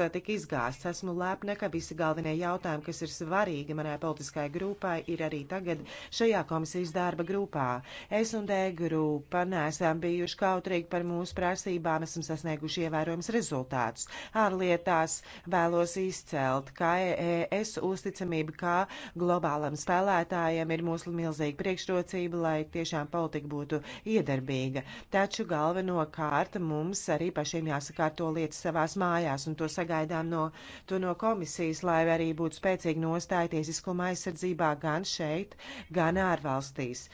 Eh, tika izgāsts. Esmu lepna, ka visi galvenie jautājumi, kas ir svarīgi manai politiskai grupai, ir arī tagad šajā komisijas darba grupā. Es un D grupa neesam bijuši kautrīgi par mūsu prasībām, esam sasnieguši ievērojams rezultātus. Ārlietās vēlos izcelt, ka es e uzticamība kā globālam spēlētājam ir mūsu milzīga priekšrocība, lai tiešām politika būtu iedarbīga. Taču galvenokārt mums arī pašiem jāsakārto lietas savās mājās un to sakārtot sagaidām no, to no komisijas, lai arī būtu spēcīgi nostāja tiesiskuma aizsardzībā gan šeit, gan ārvalstīs.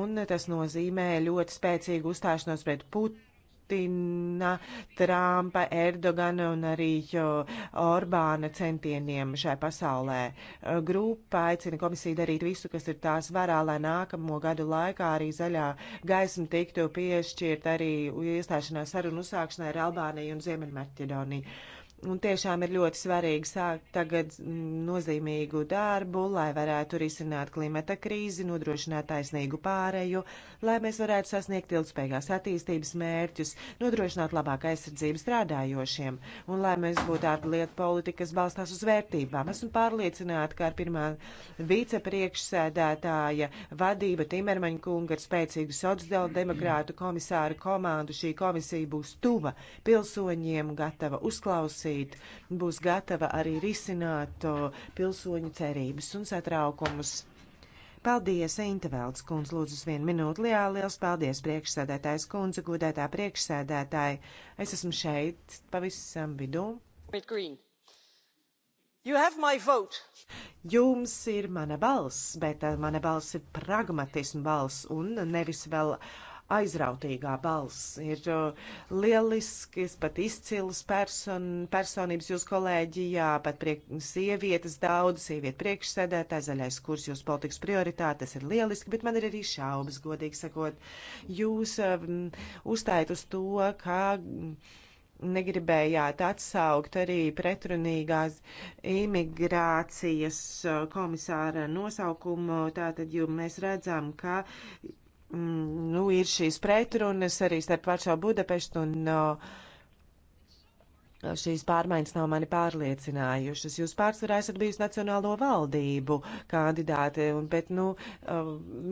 Un tas nozīmē ļoti spēcīgu uzstāšanos pret Putina, Trumpa, Erdogana un arī Orbāna centieniem šai pasaulē. Grupa aicina komisiju darīt visu, kas ir tās varā, lai nākamo gadu laikā arī zaļā gaisma tiktu piešķirt arī iestāšanās sarunu uzsākšanai ar Albāniju un Ziemeļmaķedoniju. Un tiešām ir ļoti svarīgi sākt tagad mm, nozīmīgu darbu, lai varētu risināt klimata krīzi, nodrošināt taisnīgu pāreju, lai mēs varētu sasniegt ilgspējīgās attīstības mērķus, nodrošināt labāku aizsardzību strādājošiem, un lai mēs būtu tāda lieta politika, kas balstās uz vērtībām. Esmu pārliecināta, ka ar pirmā vicepriekšsēdētāja vadība Timermaņa kunga ar spēcīgu sociālu demokrātu komisāru komandu šī komisija būs tuva pilsoņiem, gatava uzklausīt uzklausīt, būs gatava arī risināt pilsoņu cerības un satraukumus. Paldies, Intervēlts kundz, lūdzu, uz vienu minūti. Jā, liels paldies, priekšsēdētājs kundze, gudētā priekšsēdētāji. Es esmu šeit, pavisam vidū. Jums ir mana balss, bet eh, mana balss ir pragmatismu balss un nevis vēl uh, aizrautīgā balss. Ir uh, lielisks, pat izcils person, personības jūs kolēģijā, pat priek, sievietes daudz, sieviete priekšsēdētāja, zaļais kurs, jūs politikas prioritātes ir lieliski, bet man ir arī šaubas, godīgi sakot. Jūs um, uzstājat uz to, ka. Um, negribējāt atsaukt arī pretrunīgās imigrācijas uh, komisāra nosaukumu, tātad jau mēs redzam, ka mm, nu, ir šīs pretrunas arī starp pašā Budapestu un uh, šīs pārmaiņas nav mani pārliecinājušas. Jūs pārsvarā esat bijusi Nacionālo valdību kandidāte, un pēc nu,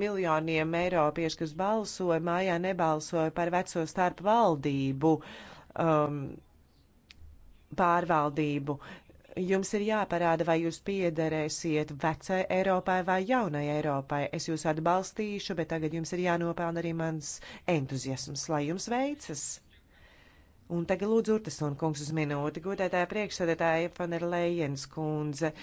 miljoniem eiropiešu, kas balsoja, mājā nebalsoja par veco starp valdību. Um, pārvaldību. Jums ir jāparāda, vai jūs piederēsiet vecai Eiropai vai jaunai Eiropai. Es jūs atbalstīšu, bet tagad jums ir jānopelna arī mans entuziasms, lai jums veicas. Un tagad lūdzu Urtasona kungs uz minūti. Godētāja priekšsēdētāja Fanera Lējens kundze,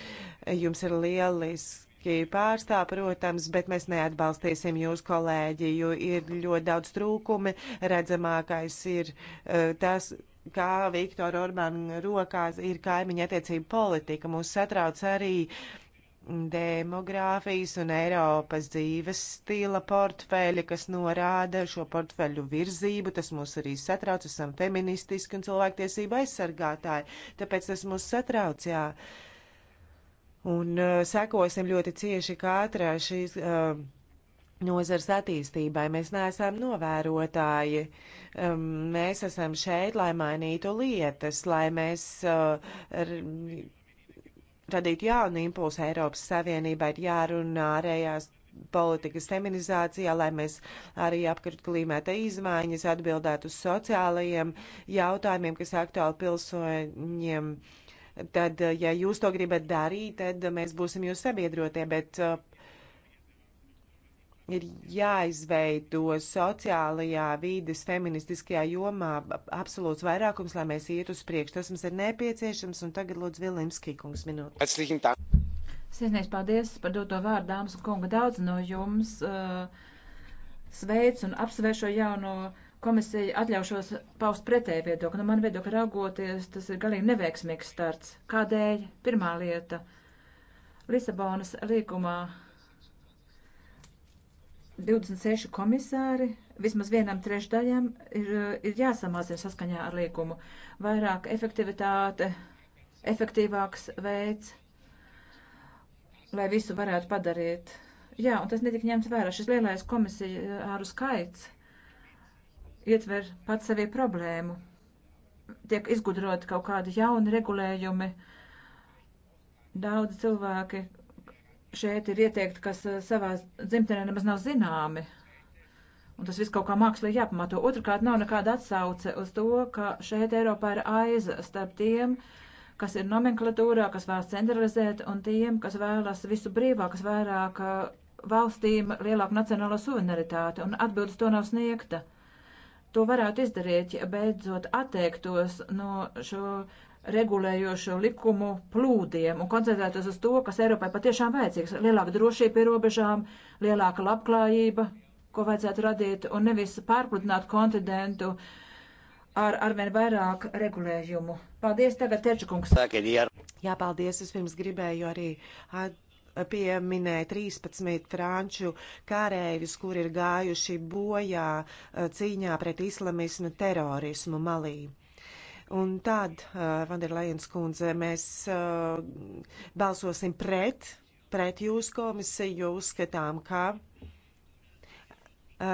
jums ir lieliski. Pārstāv, protams, bet mēs neatbalstīsim jūs, kolēģi, jo ir ļoti daudz trūkumi. Redzamākais ir uh, tas, kā Viktora Orbāna rokās ir kaimiņa attiecība politika. Mūs satrauc arī demogrāfijas un Eiropas dzīves stila portfeļi, kas norāda šo portfeļu virzību. Tas mūs arī satrauc, esam feministiski un cilvēktiesība aizsargātāji, tāpēc tas mūs satrauc, jā. Un uh, sekosim ļoti cieši katrā šīs. Uh, nozars attīstībai. Mēs neesam novērotāji. Um, mēs esam šeit, lai mainītu lietas, lai mēs uh, ar, radītu jaunu impulsu Eiropas Savienībai, ir jārunā ārējās politikas feminizācijā, lai mēs arī apkartu klimata izmaiņas, atbildētu uz sociālajiem jautājumiem, kas aktuāli pilsoņiem. Tad, ja jūs to gribat darīt, tad mēs būsim jūs sabiedrotie, bet uh, ir jāizveido sociālajā, vīdes, feministiskajā jomā absolūts vairākums, lai mēs iet uz priekšu. Tas mums ir nepieciešams, un tagad lūdzu Vilimskī kungs minūte. Sirsnīgs paldies par doto vārdu, dāmas un kunga. Daudz no jums uh, sveic un apsvērš šo jauno komisiju. Atļaušos paust pretēju viedokli. No man viedokļa raugoties, tas ir galīgi neveiksmīgs starts. Kādēļ? Pirmā lieta. Lisabonas līkumā 26 komisāri, vismaz vienam trešdaļam ir, ir jāsamazina saskaņā ar līkumu. Vairāk efektivitāte, efektīvāks veids, lai visu varētu padarīt. Jā, un tas netika ņemts vērā. Šis lielais komisāru skaits ietver pats sevī problēmu. Tiek izgudroti kaut kādi jauni regulējumi. Daudz cilvēki šeit ir ieteikti, kas eh, savā dzimtenē nemaz nav zināmi. Un tas viss kaut kā mākslīgi jāpamato. Otrakārt, nav nekāda atsauce uz to, ka šeit Eiropā ir aiza starp tiem, kas ir nomenklatūrā, kas vēlas centralizēt, un tiem, kas vēlas visu brīvāk, kas vairāk eh, valstīm lielāku nacionālo suverenitāti, un atbildes to nav sniegta. To varētu izdarīt, ja beidzot atteiktos no šo regulējošo likumu plūdiem un koncentrētos uz to, kas Eiropai patiešām vajadzīgs - lielāka drošība pie robežām, lielāka labklājība, ko vajadzētu radīt, un nevis pārpludināt kontinentu ar arvien vairāk regulējumu. Paldies tagad, Terčakungs. Jā, paldies. Es pirms gribēju arī pieminēja 13 franču kārējus, kur ir gājuši bojā eh, cīņā pret islamismu terorismu Malī. Un tad, uh, eh, Vanderlajens kundze, mēs uh, balsosim pret, pret jūsu komisiju, jo uzskatām, ka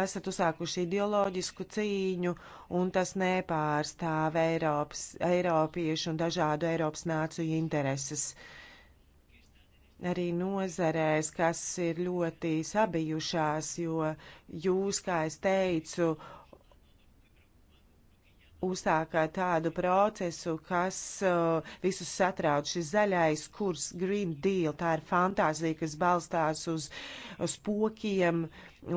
esat uzsākuši ideoloģisku cīņu, un tas nepārstāv Eiropas, Eiropiešu un dažādu Eiropas nāciju intereses. Arī nozarēs, kas ir ļoti sabijušās, jo jūs, kā es teicu, uzsākāt tādu procesu, kas uh, visus satrauc. Šis zaļais kurs, Green Deal, tā ir fantāzija, kas balstās uz, uz pokiem,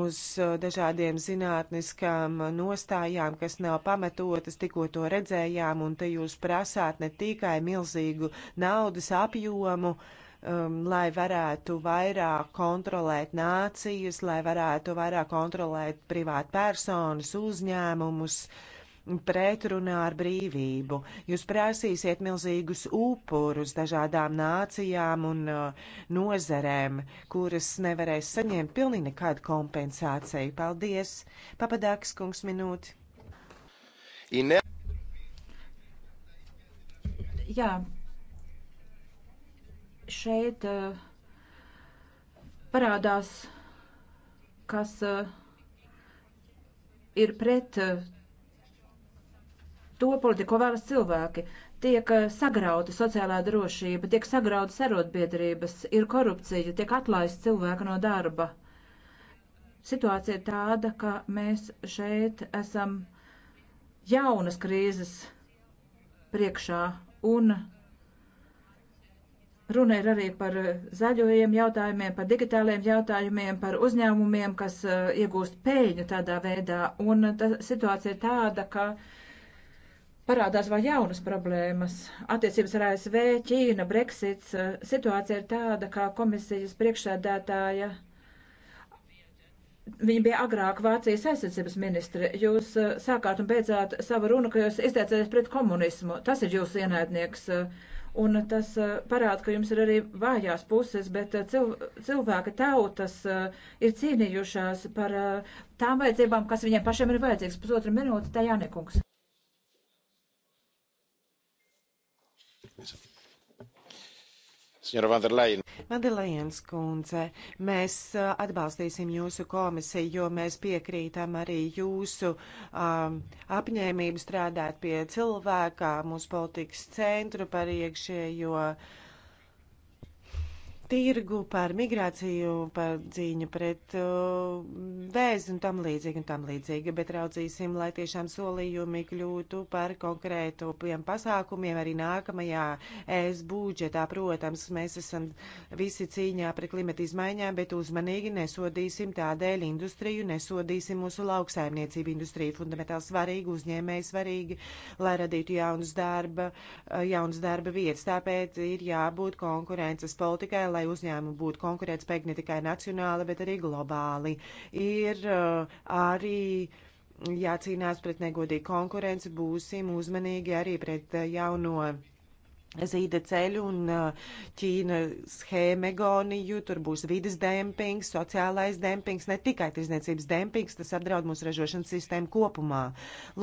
uz uh, dažādiem zinātniskām nostājām, kas nav pamatotas, tikko to redzējām, un te jūs prasāt ne tikai milzīgu naudas apjomu, um, lai varētu vairāk kontrolēt nācijas, lai varētu vairāk kontrolēt privātpersonas, uzņēmumus. Uh, pretrunā ar brīvību. Jūs prasīsiet milzīgus upurus dažādām nācijām un uh, nozerēm, kuras nevarēs saņemt pilnīgi nekādu kompensāciju. Paldies! Papadāks kungs minūti. Ine... Jā, šeit uh, parādās, kas uh, ir pret uh, to politiku vēlas cilvēki. Tiek eh, sagrauta sociālā drošība, tiek sagrauta sarotbiedrības, ir korupcija, tiek atlaista cilvēka no darba. Situācija ir tāda, ka mēs šeit esam jaunas krīzes priekšā un Runa ir arī par zaļojiem jautājumiem, par digitāliem jautājumiem, par uzņēmumiem, kas eh, iegūst pēļņu tādā veidā. Un tā situācija ir tāda, ka parādās vēl jaunas problēmas. Attiecības ar ASV, Ķīna, Brexits. Situācija ir tāda, kā komisijas priekšsēdētāja. Viņa bija agrāk Vācijas aizsardzības ministre. Jūs sākāt un beidzāt savu runu, ka jūs izteicāties pret komunismu. Tas ir jūsu ienaidnieks. Un tas parāda, ka jums ir arī vājās puses, bet eh, cilv cilvēka tautas ir cīnījušās par eh, tām vajadzībām, kas viņiem pašiem ir vajadzīgs. Pusotra minūte, tā jānekungs. Vanderlajens kundze, mēs uh, atbalstīsim jūsu komisiju, jo mēs piekrītam arī jūsu um, apņēmību strādāt pie cilvēkā, mūsu politikas centru par iekšējo. Uh, tirgu, par migrāciju, par cīņu pret uh, vēzi un tam līdzīgi un tam līdzīgi, bet raudzīsim, lai tiešām solījumi kļūtu par konkrētopiem pasākumiem arī nākamajā ES budžetā. Protams, mēs esam visi cīņā pret klimata izmaiņām, bet uzmanīgi nesodīsim tādēļ industriju, nesodīsim mūsu lauksaimniecību industriju. Fundamentāli svarīgi uzņēmēji svarīgi, lai radītu jaunas darba, jaunas darba vietas. Tāpēc ir jābūt konkurences politikai, lai uzņēmumi būtu konkurētspējīgi ne tikai nacionāli, bet arī globāli. Ir uh, arī jācīnās pret negodīgu konkurenci, būsim uzmanīgi arī pret uh, jauno zīda ceļu un Ķīnas hēmegoniju, tur būs vidas dempings, sociālais dempings, ne tikai tirzniecības dempings, tas apdraud mūsu ražošanas sistēmu kopumā.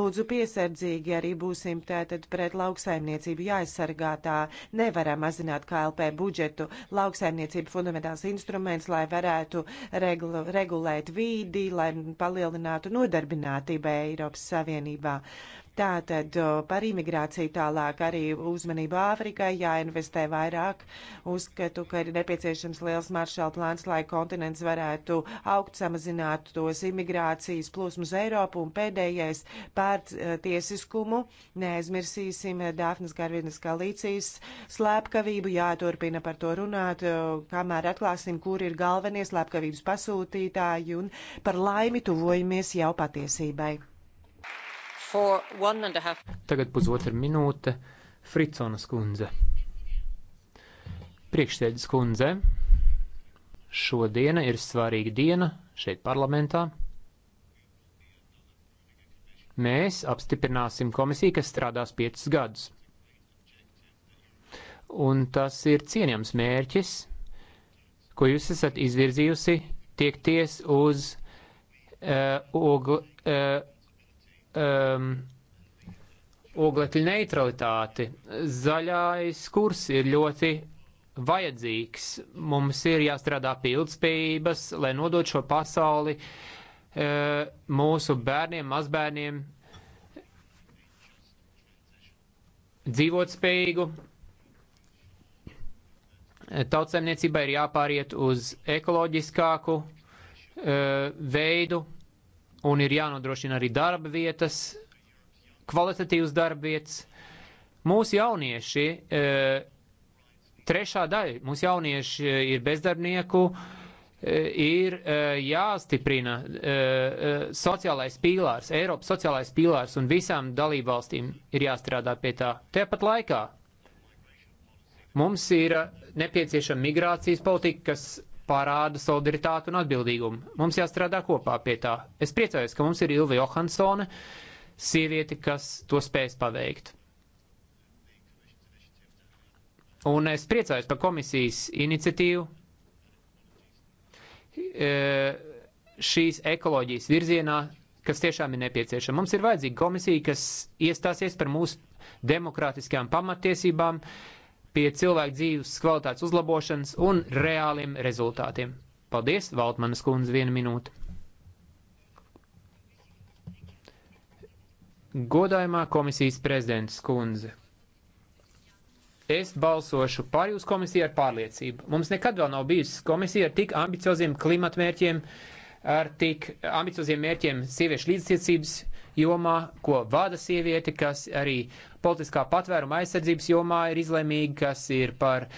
Lūdzu, piesardzīgi arī būsim tātad pret lauksaimniecību jāaizsargā tā, nevaram mazināt KLP budžetu, lauksaimniecība fundamentāls instruments, lai varētu regl regulēt vīdi, lai palielinātu nodarbinātību Eiropas Savienībā. Uh, Tātad par imigrāciju tālāk arī uzmanība Āfrikai jāinvestē vairāk. Uzskatu, ka ir nepieciešams liels maršāla plāns, lai kontinents varētu augt, samazināt tos imigrācijas plūsmas Eiropu un pēdējais pār e, tiesiskumu. Neaizmirsīsim Dāfnas Garvinas Kalīcijas slēpkavību, jāturpina par to runāt, kamēr atklāsim, kur ir galvenie slēpkavības pasūtītāji un par laimi tuvojamies jau patiesībai. Tagad pusotra minūte Friconas kundze. Priekšsēdus kundze, šodiena ir svarīga diena šeit parlamentā. Mēs apstiprināsim komisiju, kas strādās piecus gadus. Un tas ir cieņams mērķis, ko jūs esat izvirzījusi tiekties uz uh, ogl, uh, um, oglekļa neutralitāti. Zaļais kurs ir ļoti vajadzīgs. Mums ir jāstrādā pie ilgspējības, lai nodot šo pasauli uh, mūsu bērniem, mazbērniem dzīvotspējīgu. Tautsēmniecībai ir jāpāriet uz ekoloģiskāku uh, veidu un ir jānodrošina arī darba vietas, kvalitatīvas darba vietas. Mūsu jaunieši, e, trešā daļa, mūsu jaunieši ir bezdarbnieku, e, ir e, jāstiprina sociālais pīlārs, Eiropas sociālais pīlārs, un visām dalībvalstīm ir jāstrādā pie tā. Tāpat laikā mums ir nepieciešama migrācijas politika, kas parāda solidaritāti un atbildīgumu. Mums jāstrādā kopā pie tā. Es priecājos, ka mums ir Ilva Johansone, sieviete, kas to spēs paveikt. Un es priecājos par komisijas iniciatīvu e, šīs ekoloģijas virzienā, kas tiešām ir nepieciešama. Mums ir vajadzīga komisija, kas iestāsies par mūsu demokrātiskajām pamatiesībām, uh, pie cilvēku dzīves kvalitātes uzlabošanas un reāliem rezultātiem. Paldies, Valtmanas kundze, viena minūte. Godājumā komisijas prezidents kundze. Es balsošu par jūsu komisiju ar pārliecību. Mums nekad vēl nav bijusi komisija ar tik ambicioziem klimatmērķiem, ar tik ambicioziem mērķiem sieviešu līdztiesības jomā, ko vada sieviete, kas arī politiskā patvēruma aizsardzības jomā ir izlēmīga, kas ir par e,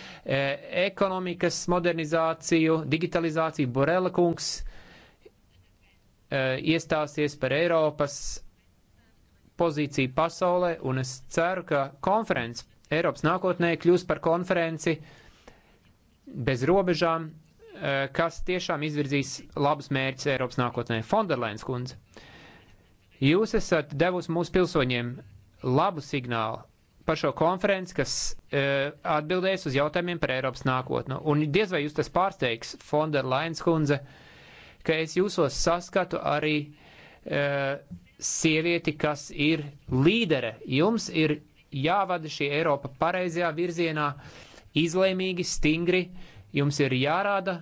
ekonomikas modernizāciju, digitalizāciju. Borela kungs e, iestāsies par Eiropas pozīciju pasaulē, un es ceru, ka konference Eiropas nākotnē kļūs par konferenci bez robežām, e, kas tiešām izvirzīs labus mērķus Eiropas nākotnē. Fonderlēns kundze. Uh, Jūs esat devusi mūsu pilsoņiem labu signālu par šo konferenci, kas e, atbildēs uz jautājumiem par Eiropas nākotnu. Un diez vai jūs tas pārsteigs, Fonda Lains kundze, ka es jūsos saskatu arī e, sievieti, kas ir līdere. Jums ir jāvada šī Eiropa pareizajā virzienā, izlēmīgi, stingri. Jums ir jārāda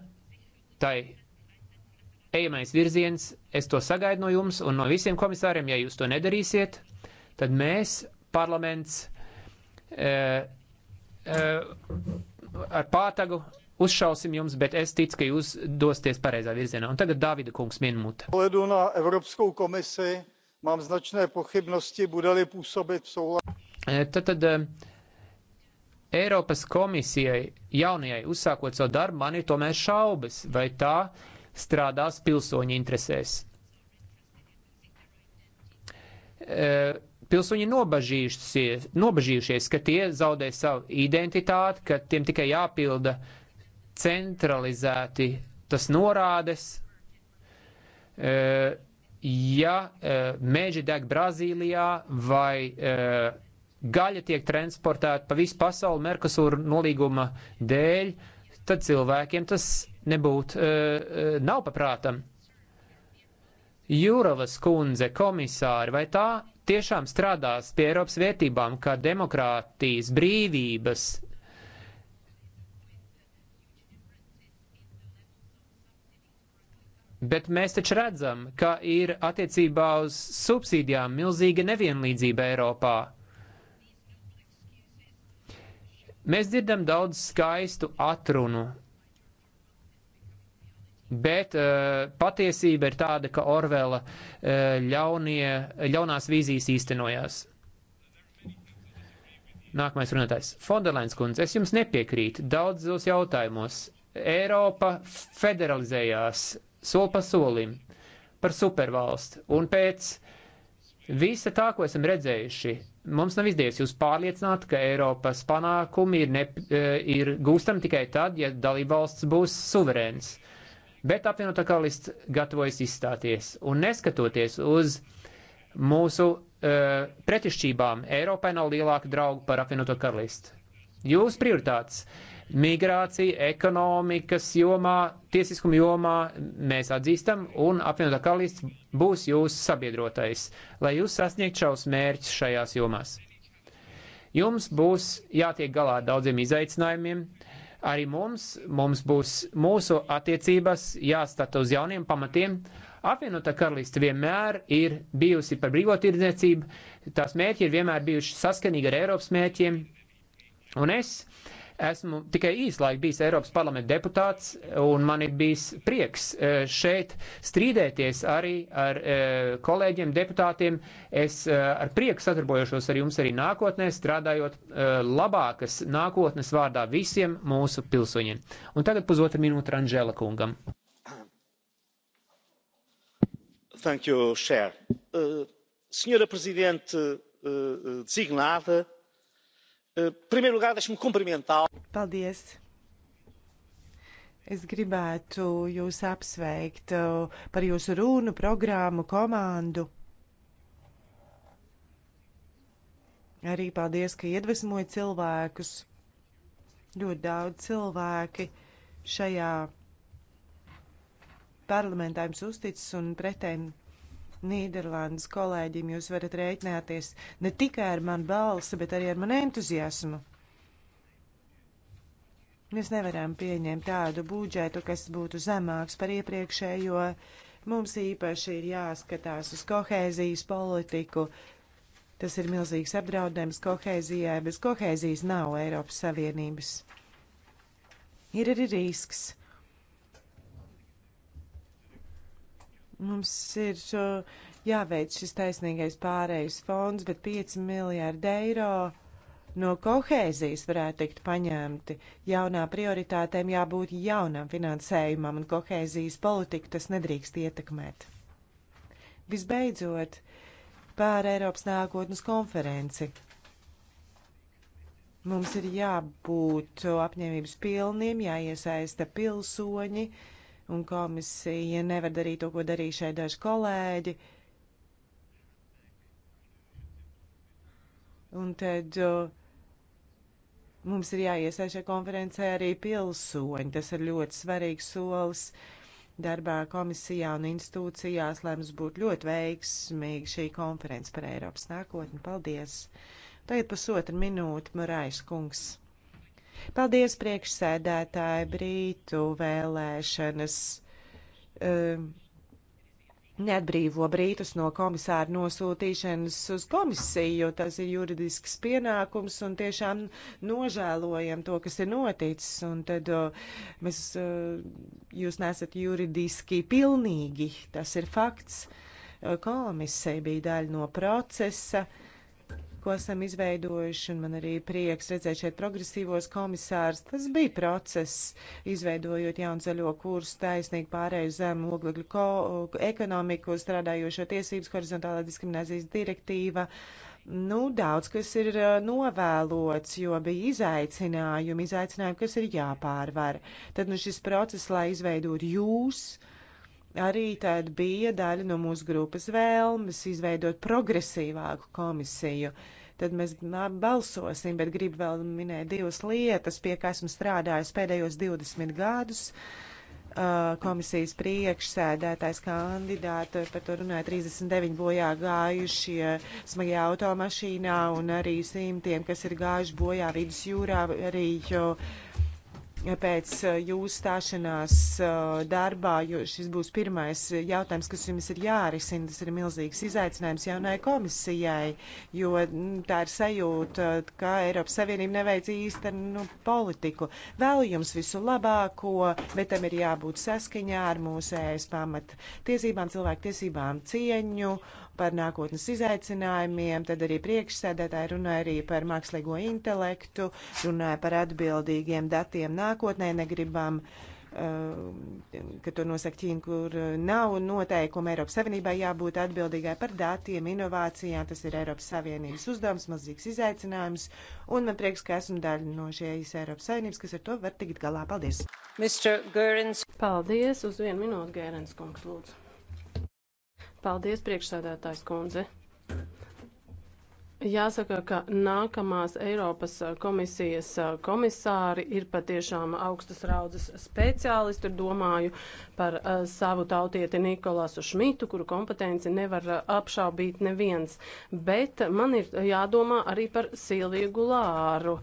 tai ejamais virziens, es to sagaidu no jums un no visiem komisāriem, ja jūs to nedarīsiet, tad mēs, parlaments, uh, uh, ar pātagu uzšausim jums, bet es ticu, ka jūs dosieties pareizā virzienā. Un tagad Dāvida kungs minūte. Ledu na Evropskou komisi mám značné pochybnosti, bude-li působit v souladu. Eh, tad, tad Eiropas komisijai jaunajai uzsākot savu darbu, man ir tomēr šaubas, vai tā strādās pilsoņu interesēs. E, pilsoņi nobažījušies, nobažījušies, ka tie zaudē savu identitāti, ka tiem tikai jāpilda centralizēti tas norādes. E, ja e, meži deg Brazīlijā vai gaļa tiek transportēta pa visu pasauli Merkusūra nolīguma dēļ, tad cilvēkiem tas nebūt, e, e, nav paprātam. Jūravas kundze, komisāri, vai tā tiešām strādās pie Eiropas vērtībām, kā demokrātijas, brīvības, Bet mēs taču redzam, ka ir attiecībā uz subsīdijām milzīga nevienlīdzība Eiropā. Mēs dzirdam daudz skaistu atrunu, Bet uh, patiesība ir tāda, ka Orvela uh, ļaunie, ļaunās vīzijas īstenojās. Nākamais runātājs. Fonderlains kundze, es jums nepiekrītu daudzos jautājumos. Eiropa federalizējās soli pa solim par supervalsti, un pēc visa tā, ko esam redzējuši, mums nav izdevies jūs pārliecināt, ka Eiropas panākumi ir, ne, eh, ir gūstami tikai tad, ja dalībvalsts būs suverēns. Uh, Bet apvienotā karalists gatavojas izstāties. Un neskatoties uz mūsu uh, pretišķībām, Eiropai nav lielāka drauga par apvienoto karalistu. Jūsu prioritātes - migrācija, ekonomikas jomā, tiesiskuma jomā mēs atzīstam, un apvienotā karalists būs jūsu sabiedrotais, lai jūs sasniegtu šos mērķus šajās jomās. Jums būs jātiek galā ar daudziem izaicinājumiem, uh, Arī mums, mums būs mūsu attiecības jāstata uz jauniem pamatiem. Apvienotā karaliste vienmēr ir bijusi par brīvo tirdzniecību, tās mērķi ir vienmēr bijuši saskanīgi ar Eiropas mērķiem. Un es Esmu tikai īslaik bijis Eiropas parlamenta deputāts, un man ir bijis prieks e, šeit strīdēties arī ar e, kolēģiem, deputātiem. Es e, ar prieku sadarbojušos ar jums arī nākotnē, strādājot labākas nākotnes vārdā visiem mūsu pilsoņiem. Un tagad pusotra minūte Ranžēla kungam. Thank you, Chair. Uh, senhora Presidente uh, uh designada, Eh, primeiro lugar, deixe-me cumprimentar. Paldies! Es gribētu jūs apsveikt eh, par jūsu runu, programmu, komandu. Arī paldies, ka iedvesmoja cilvēkus. Ļoti daudz cilvēki šajā parlamentā jums uzticis un pretēji Nīderlandes kolēģim jūs varat rēķināties ne tikai ar manu balsi, bet arī ar manu entuziasmu. Mēs nevaram pieņemt tādu budžetu, kas būtu zemāks par iepriekšējo. Mums īpaši ir jāskatās uz kohēzijas politiku. Tas ir milzīgs apdraudējums kohēzijai. Bez kohēzijas nav Eiropas Savienības. Ir arī risks Mums ir jāveic šis taisnīgais pārējais fonds, bet 5 miljārdi eiro no kohēzijas varētu tikt paņemti. Jaunā prioritātēm jābūt jaunam finansējumam, un kohēzijas politiku tas nedrīkst ietekmēt. Visbeidzot, pār Eiropas nākotnes konferenci. Mums ir jābūt apņēmības pilniem, jāiesaista pilsoņi. Uh, un komisija nevar darīt to, ko darīja šeit daži kolēģi. Un tad uh, mums ir jāiesaist šajā konferencē arī pilsoņi. Tas ir ļoti svarīgs solis darbā komisijā un institūcijās, lai mums būtu ļoti veiksmīga šī konference par Eiropas nākotni. Paldies! Tagad pusotra minūte, Marais kungs. Paldies priekšsēdētāji Brītu vēlēšanas. Um, neatbrīvo brītus no komisāra nosūtīšanas uz komisiju, jo tas ir juridisks pienākums un tiešām nožēlojam to, kas ir noticis. Un tad o, uh, mēs, o, uh, jūs nesat juridiski pilnīgi, tas ir fakts. Uh, komisija bija daļa no procesa. Uh, ko esam izveidojuši, un man arī prieks redzēt šeit progresīvos komisārs. Tas bija process, izveidojot jaunu zaļo kursu, taisnīgi pārēju zem oglekļu ekonomiku, strādājošo tiesības, horizontālā diskriminācijas direktīva. Nu, daudz kas ir eh, novēlots, jo bija izaicinājumi, izaicinājumi, kas ir jāpārvar. Tad nu šis process, lai izveidot jūs, uh, Arī tāda bija daļa no mūsu grupas vēlmes izveidot progresīvāku komisiju. Tad mēs balsosim, bet gribu vēl minēt divas lietas, pie kā esmu strādājis pēdējos 20 gadus uh, komisijas priekšsēdētājs kandidāti, par to runāja 39 bojā gājušie smagajā automašīnā un arī simtiem, kas ir gājuši bojā vidusjūrā, arī jo, uh, pēc eh, jūsu stāšanās eh, darbā, jo šis būs pirmais jautājums, kas jums ir jārisina. Tas ir milzīgs izaicinājums jaunai komisijai, jo mm, tā ir sajūta, ka Eiropas Savienība neveic īstenu politiku. Vēlu jums visu labāko, bet tam ir jābūt saskaņā ar mūsu ēs pamat tiesībām, cilvēku tiesībām, cieņu. Uh, par nākotnes izaicinājumiem, tad arī priekšsēdētāji runāja arī par mākslīgo intelektu, runāja par atbildīgiem datiem nākotnē, negribam um, ka to nosaka Ķīna, kur nav noteikuma Eiropas Savienībā jābūt atbildīgai par datiem, inovācijām. Tas ir Eiropas Savienības uzdevums, mazīgs izaicinājums. Un man prieks, ka esmu daļa no šīs Eiropas Savienības, kas ar to var tikt galā. Paldies! Paldies! Uz vienu minūti, Gērens kungs, lūdzu. Paldies, priekšsēdētājs kundze. Jāsaka, ka nākamās Eiropas komisijas komisāri ir patiešām augstas raudzes speciālisti. Domāju par uh, savu tautieti Nikolasu Šmitu, kuru kompetenci nevar uh, apšaubīt neviens. Bet man ir jādomā arī par Silviju Gulāru,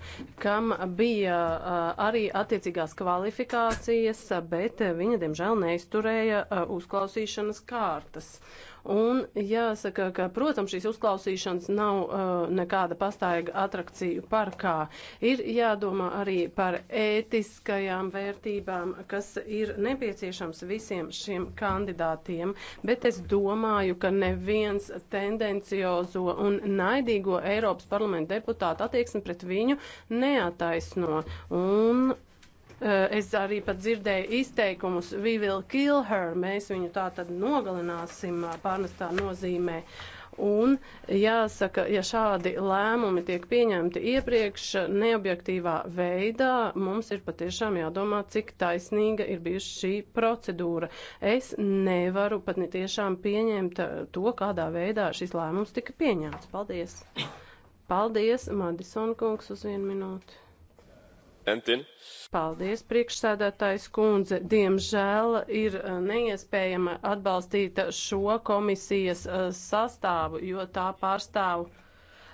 kam bija uh, arī attiecīgās kvalifikācijas, bet viņa, diemžēl, neizturēja uh, uzklausīšanas kārtas. Uh, Un jāsaka, ka, protams, šīs uzklausīšanas nav uh, nekāda pastaiga atrakciju parkā. Ir jādomā arī par ētiskajām vērtībām, kas ir nepieciešams visiem šiem kandidātiem, bet es domāju, ka neviens tendenciozo un naidīgo Eiropas parlamenta deputātu attieksmi pret viņu neataisno. Un Eh, es arī pat dzirdēju izteikumus We will kill her, mēs viņu tā tad nogalināsim pārnestā nozīmē. Un jāsaka, ja šādi lēmumi tiek pieņemti iepriekš neobjektīvā veidā, mums ir patiešām jādomā, cik taisnīga ir bijusi šī procedūra. Es nevaru pat netiešām pieņemt to, kādā veidā šis lēmums tika pieņemts. Paldies! Paldies, Madison kungs, uz vienu minūti. Entin. Paldies, priekšsēdētājs kundze. Diemžēl ir eh, neiespējama atbalstīt šo komisijas eh, sastāvu, jo tā pārstāv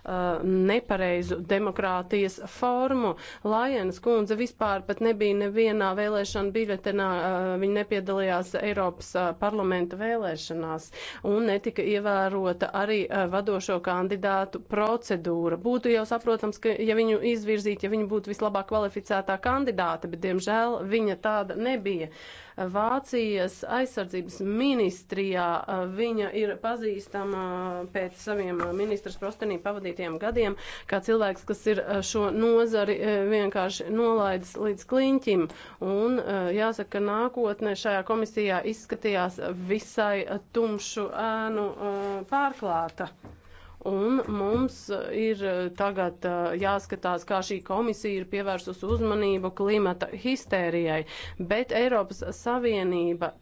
uh, nepareizu demokrātijas formu. Lajens kundze vispār pat nebija nevienā vēlēšana biļetenā, uh, viņa nepiedalījās Eiropas uh, parlamenta vēlēšanās un netika ievērota arī uh, vadošo kandidātu procedūra. Būtu jau saprotams, ka ja viņu izvirzīt, ja viņa būtu vislabāk kvalificētā kandidāte, bet diemžēl viņa tāda nebija. Vācijas aizsardzības ministrijā uh, viņa ir pazīstama uh, pēc saviem uh, ministras prostenī pavadīt desmitiem gadiem, kā cilvēks, kas ir eh, šo nozari eh, vienkārši nolaidis līdz kliņķim. Un eh, jāsaka, ka nākotnē šajā komisijā izskatījās visai tumšu ēnu pārklāta. Un mums ir tagad jāskatās, kā šī komisija ir pievērsus uzmanību klimata histērijai, bet Eiropas Savienība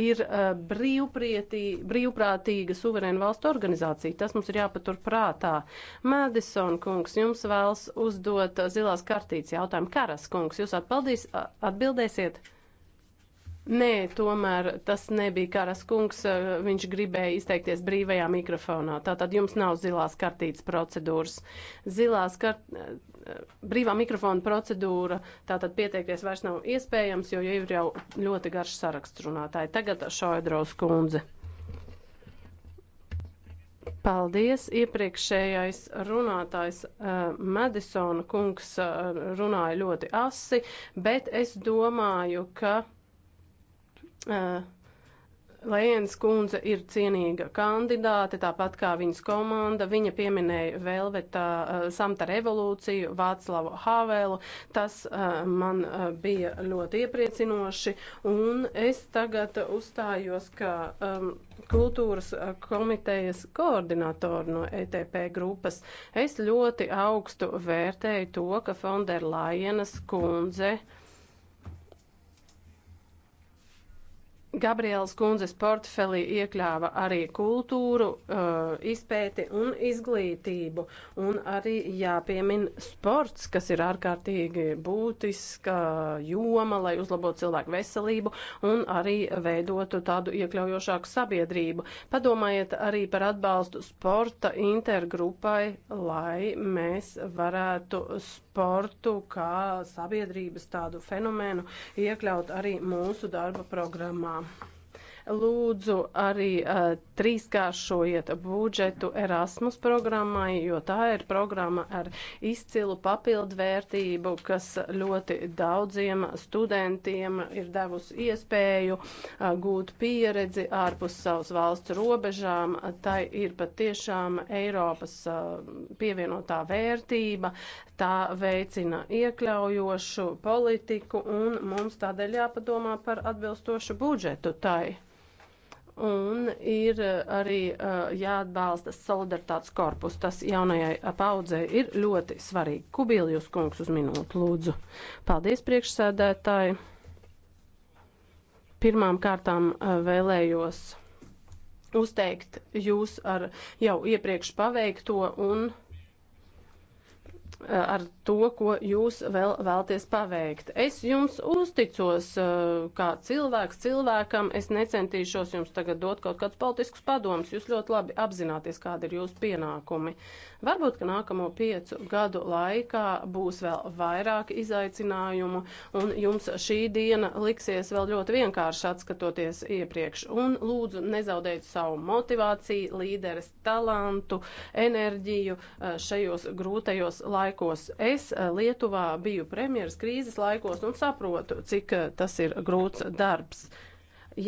ir uh, brīvprātīga suverēna valstu organizācija. Tas mums ir jāpatur prātā. Madison kungs, jums vēlas uzdot zilās kartītes jautājumu. Karas kungs, jūs atbildēsiet? Nē, tomēr tas nebija Karas kungs. Eh, viņš gribēja izteikties brīvajā mikrofonā. Tātad jums nav zilās kartītes procedūras. Zilās kart... Eh, brīvā mikrofona procedūra, tātad pieteikties vairs nav iespējams, jo ir jau ļoti garš saraksts runātāji. Tagad Šoidraus kundze. Paldies! Iepriekšējais runātājs uh, Madisona kungs uh, runāja ļoti asi, bet es domāju, ka. Eh, Lējens kundze ir cienīga kandidāte, tāpat kā viņas komanda. Viņa pieminēja Velvetā uh, eh, samta revolūciju, Vāclavu Havelu. Tas uh, man uh, bija ļoti iepriecinoši. Un es tagad uzstājos kā um, kultūras komitejas koordinātori no ETP grupas. Es ļoti augstu vērtēju to, ka Fonderlajenas kundze. Uh, Gabrielas kundzes portfelī iekļāva arī kultūru, uh, izpēti un izglītību, un arī jāpiemin sports, kas ir ārkārtīgi būtiska joma, lai uzlabotu cilvēku veselību un arī veidotu tādu iekļaujošāku sabiedrību. Padomājiet arī par atbalstu sporta intergrupai, lai mēs varētu sporta sportu kā sabiedrības tādu fenomenu iekļaut arī mūsu darba programmā. Lūdzu, arī uh, trīskāršojiet budžetu Erasmus programmai, jo tā ir programma ar izcilu papildvērtību, kas ļoti daudziem studentiem ir devusi iespēju uh, gūt pieredzi ārpus savas valsts robežām. Tai ir patiešām Eiropas uh, pievienotā vērtība, tā veicina iekļaujošu politiku un mums tādēļ jāpadomā par atbilstošu budžetu tai. Un ir eh, arī eh, jāatbalsta solidaritātes korpus. Tas jaunajai eh, paudzei ir ļoti svarīgi. Kubīlijus kungs uz minūtu lūdzu. Paldies priekšsēdētāji. Pirmām kārtām vēlējos uzteikt jūs ar jau iepriekš paveikto un ar to, ko jūs vēl vēlties paveikt. Es jums uzticos eh, kā cilvēks cilvēkam, es necentīšos jums tagad dot kaut kādus politiskus padomus, jūs ļoti labi apzināties, kādi ir jūsu pienākumi. Varbūt, ka nākamo piecu gadu laikā būs vēl vairāk izaicinājumu, un jums šī diena liksies vēl ļoti vienkārši atskatoties iepriekš. Un lūdzu, nezaudējiet savu motivāciju, līderes talantu, enerģiju eh, šajos grūtajos laikos. Es eh, Lietuvā biju premjeras krīzes laikos un saprotu, cik eh, tas ir grūts darbs.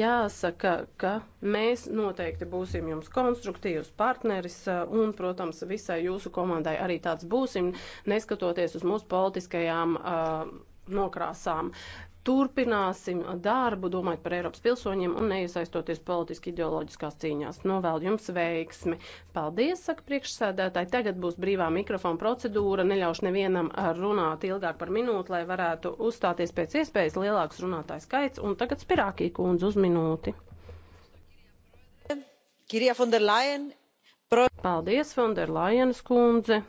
Jāsaka, ka mēs noteikti būsim jums konstruktīvs partneris eh, un, protams, visai jūsu komandai arī tāds būsim, neskatoties uz mūsu politiskajām uh, nokrāsām. Turpināsim darbu, domājot par Eiropas pilsoņiem un neiesaistoties politiski ideoloģiskās cīņās. Novēl jums veiksmi. Paldies, saka priekšsēdētāji. Tagad būs brīvā mikrofona procedūra. Neļaušu nevienam runāt ilgāk par minūti, lai varētu uzstāties pēc iespējas lielāks runātājs skaits. Un tagad Spirākī kundze uz minūti. Kirija Fonderlajen. Pro... Paldies, Fonderlajenas kundze.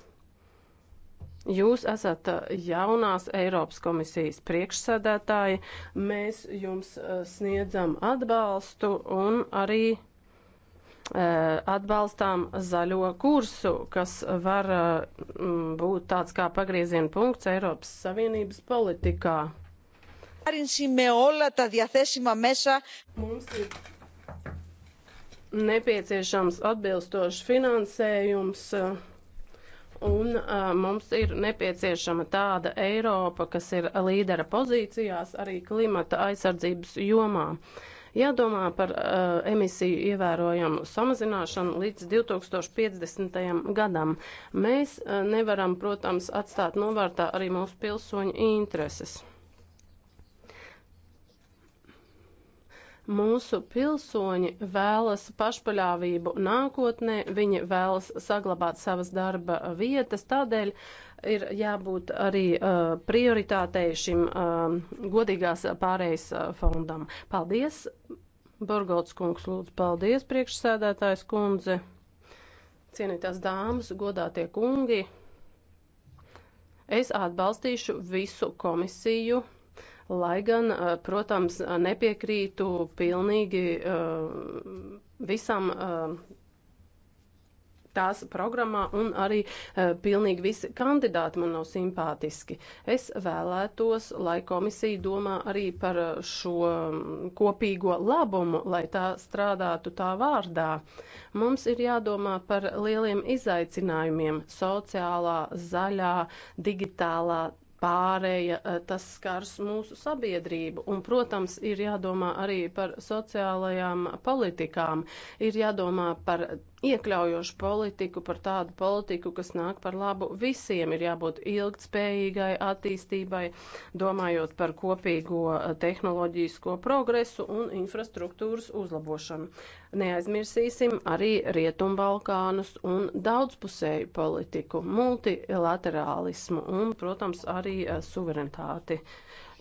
Jūs esat uh, jaunās Eiropas komisijas priekšsēdētāji, mēs jums uh, sniedzam atbalstu un arī uh, atbalstām zaļo kursu, kas var būt tāds kā pagrieziena punkts Eiropas Savienības politikā. Mums ir nepieciešams atbilstošs finansējums. Uh, Un uh, mums ir nepieciešama tāda Eiropa, kas ir līdera pozīcijās arī klimata aizsardzības jomā. Jādomā par uh, emisiju ievērojamu samazināšanu līdz 2050. gadam. Mēs uh, nevaram, protams, atstāt novārtā arī mūsu pilsoņu intereses. Mūsu pilsoņi vēlas pašpaļāvību nākotnē, viņi vēlas saglabāt savas darba vietas, tādēļ ir jābūt arī uh, prioritātei šim uh, godīgās pārējas uh, fondam. Paldies, Borgauts kungs, lūdzu, paldies, priekšsēdētājs kundze, cienītās dāmas, godātie kungi. Es atbalstīšu visu komisiju lai gan, eh, protams, eh, nepiekrītu pilnīgi eh, visam tās programmā, un arī uh, pilnīgi visi kandidāti man nav simpātiski. Es vēlētos, lai komisija domā arī par šo mm, kopīgo labumu, lai tā strādātu tā vārdā. Mums ir jādomā par lieliem izaicinājumiem - sociālā, zaļā, digitālā pārēja, eh, tas skars mūsu sabiedrību. Un, protams, ir jādomā arī par sociālajām politikām, ir jādomā par iekļaujošu politiku, par tādu politiku, kas nāk par labu visiem. Ir jābūt ilgtspējīgai attīstībai, domājot par kopīgo eh, tehnoloģisko progresu un infrastruktūras uzlabošanu. Neaizmirsīsim arī Rietumbalkānus un daudzpusēju politiku, multilaterālismu un, protams, arī eh, suverenitāti.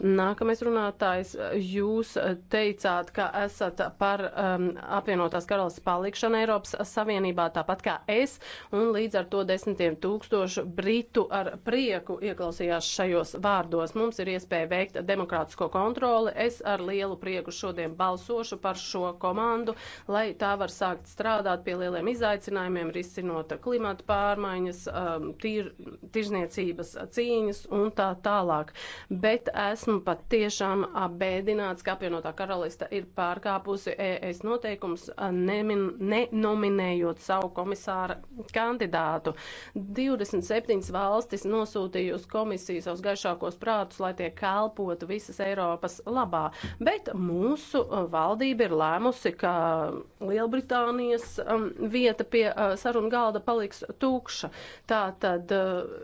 Nākamais runātājs, jūs teicāt, ka esat par um, apvienotās karalists palikšanu Eiropas Savienībā, tāpat kā es, un līdz ar to desmitiem tūkstošu Britu ar prieku ieklausījās šajos vārdos. Mums ir iespēja veikt demokrātisko kontroli. Es ar lielu prieku šodien balsošu par šo komandu, lai tā var sākt strādāt pie lieliem izaicinājumiem, risinot klimata pārmaiņas, um, tir, tirzniecības cīņas un tā tālāk. Bet es Esmu pat tiešām apbēdināts, ka apvienotā karalista ir pārkāpusi ES noteikums, nemin, nenominējot savu komisāra kandidātu. 27 valstis nosūtīja uz komisiju savus gaišākos prātus, lai tie kalpotu visas Eiropas labā, bet mūsu uh, valdība ir lēmusi, ka Lielbritānijas um, vieta pie uh, sarunu galda paliks tūkša. Tā tad uh,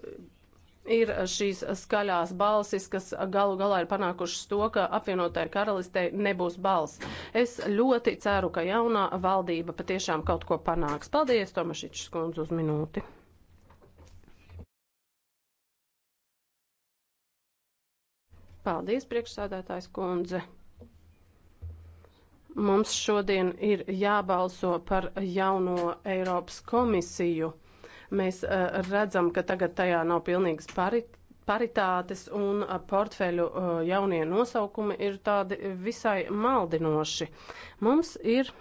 ir šīs skaļās balsis, kas galu galā ir panākušas to, ka apvienotai karalistei nebūs balss. Es ļoti ceru, ka jaunā valdība patiešām kaut ko panāks. Paldies, Tomašičs kundze, uz minūti. Paldies, priekšsādātājs kundze. Mums šodien ir jābalso par jauno Eiropas komisiju. Mēs uh, redzam, ka tagad tajā nav pilnīgas paritātes paritātes un uh, portfeļu uh, jaunie nosaukumi ir tādi visai maldinoši. Mums ir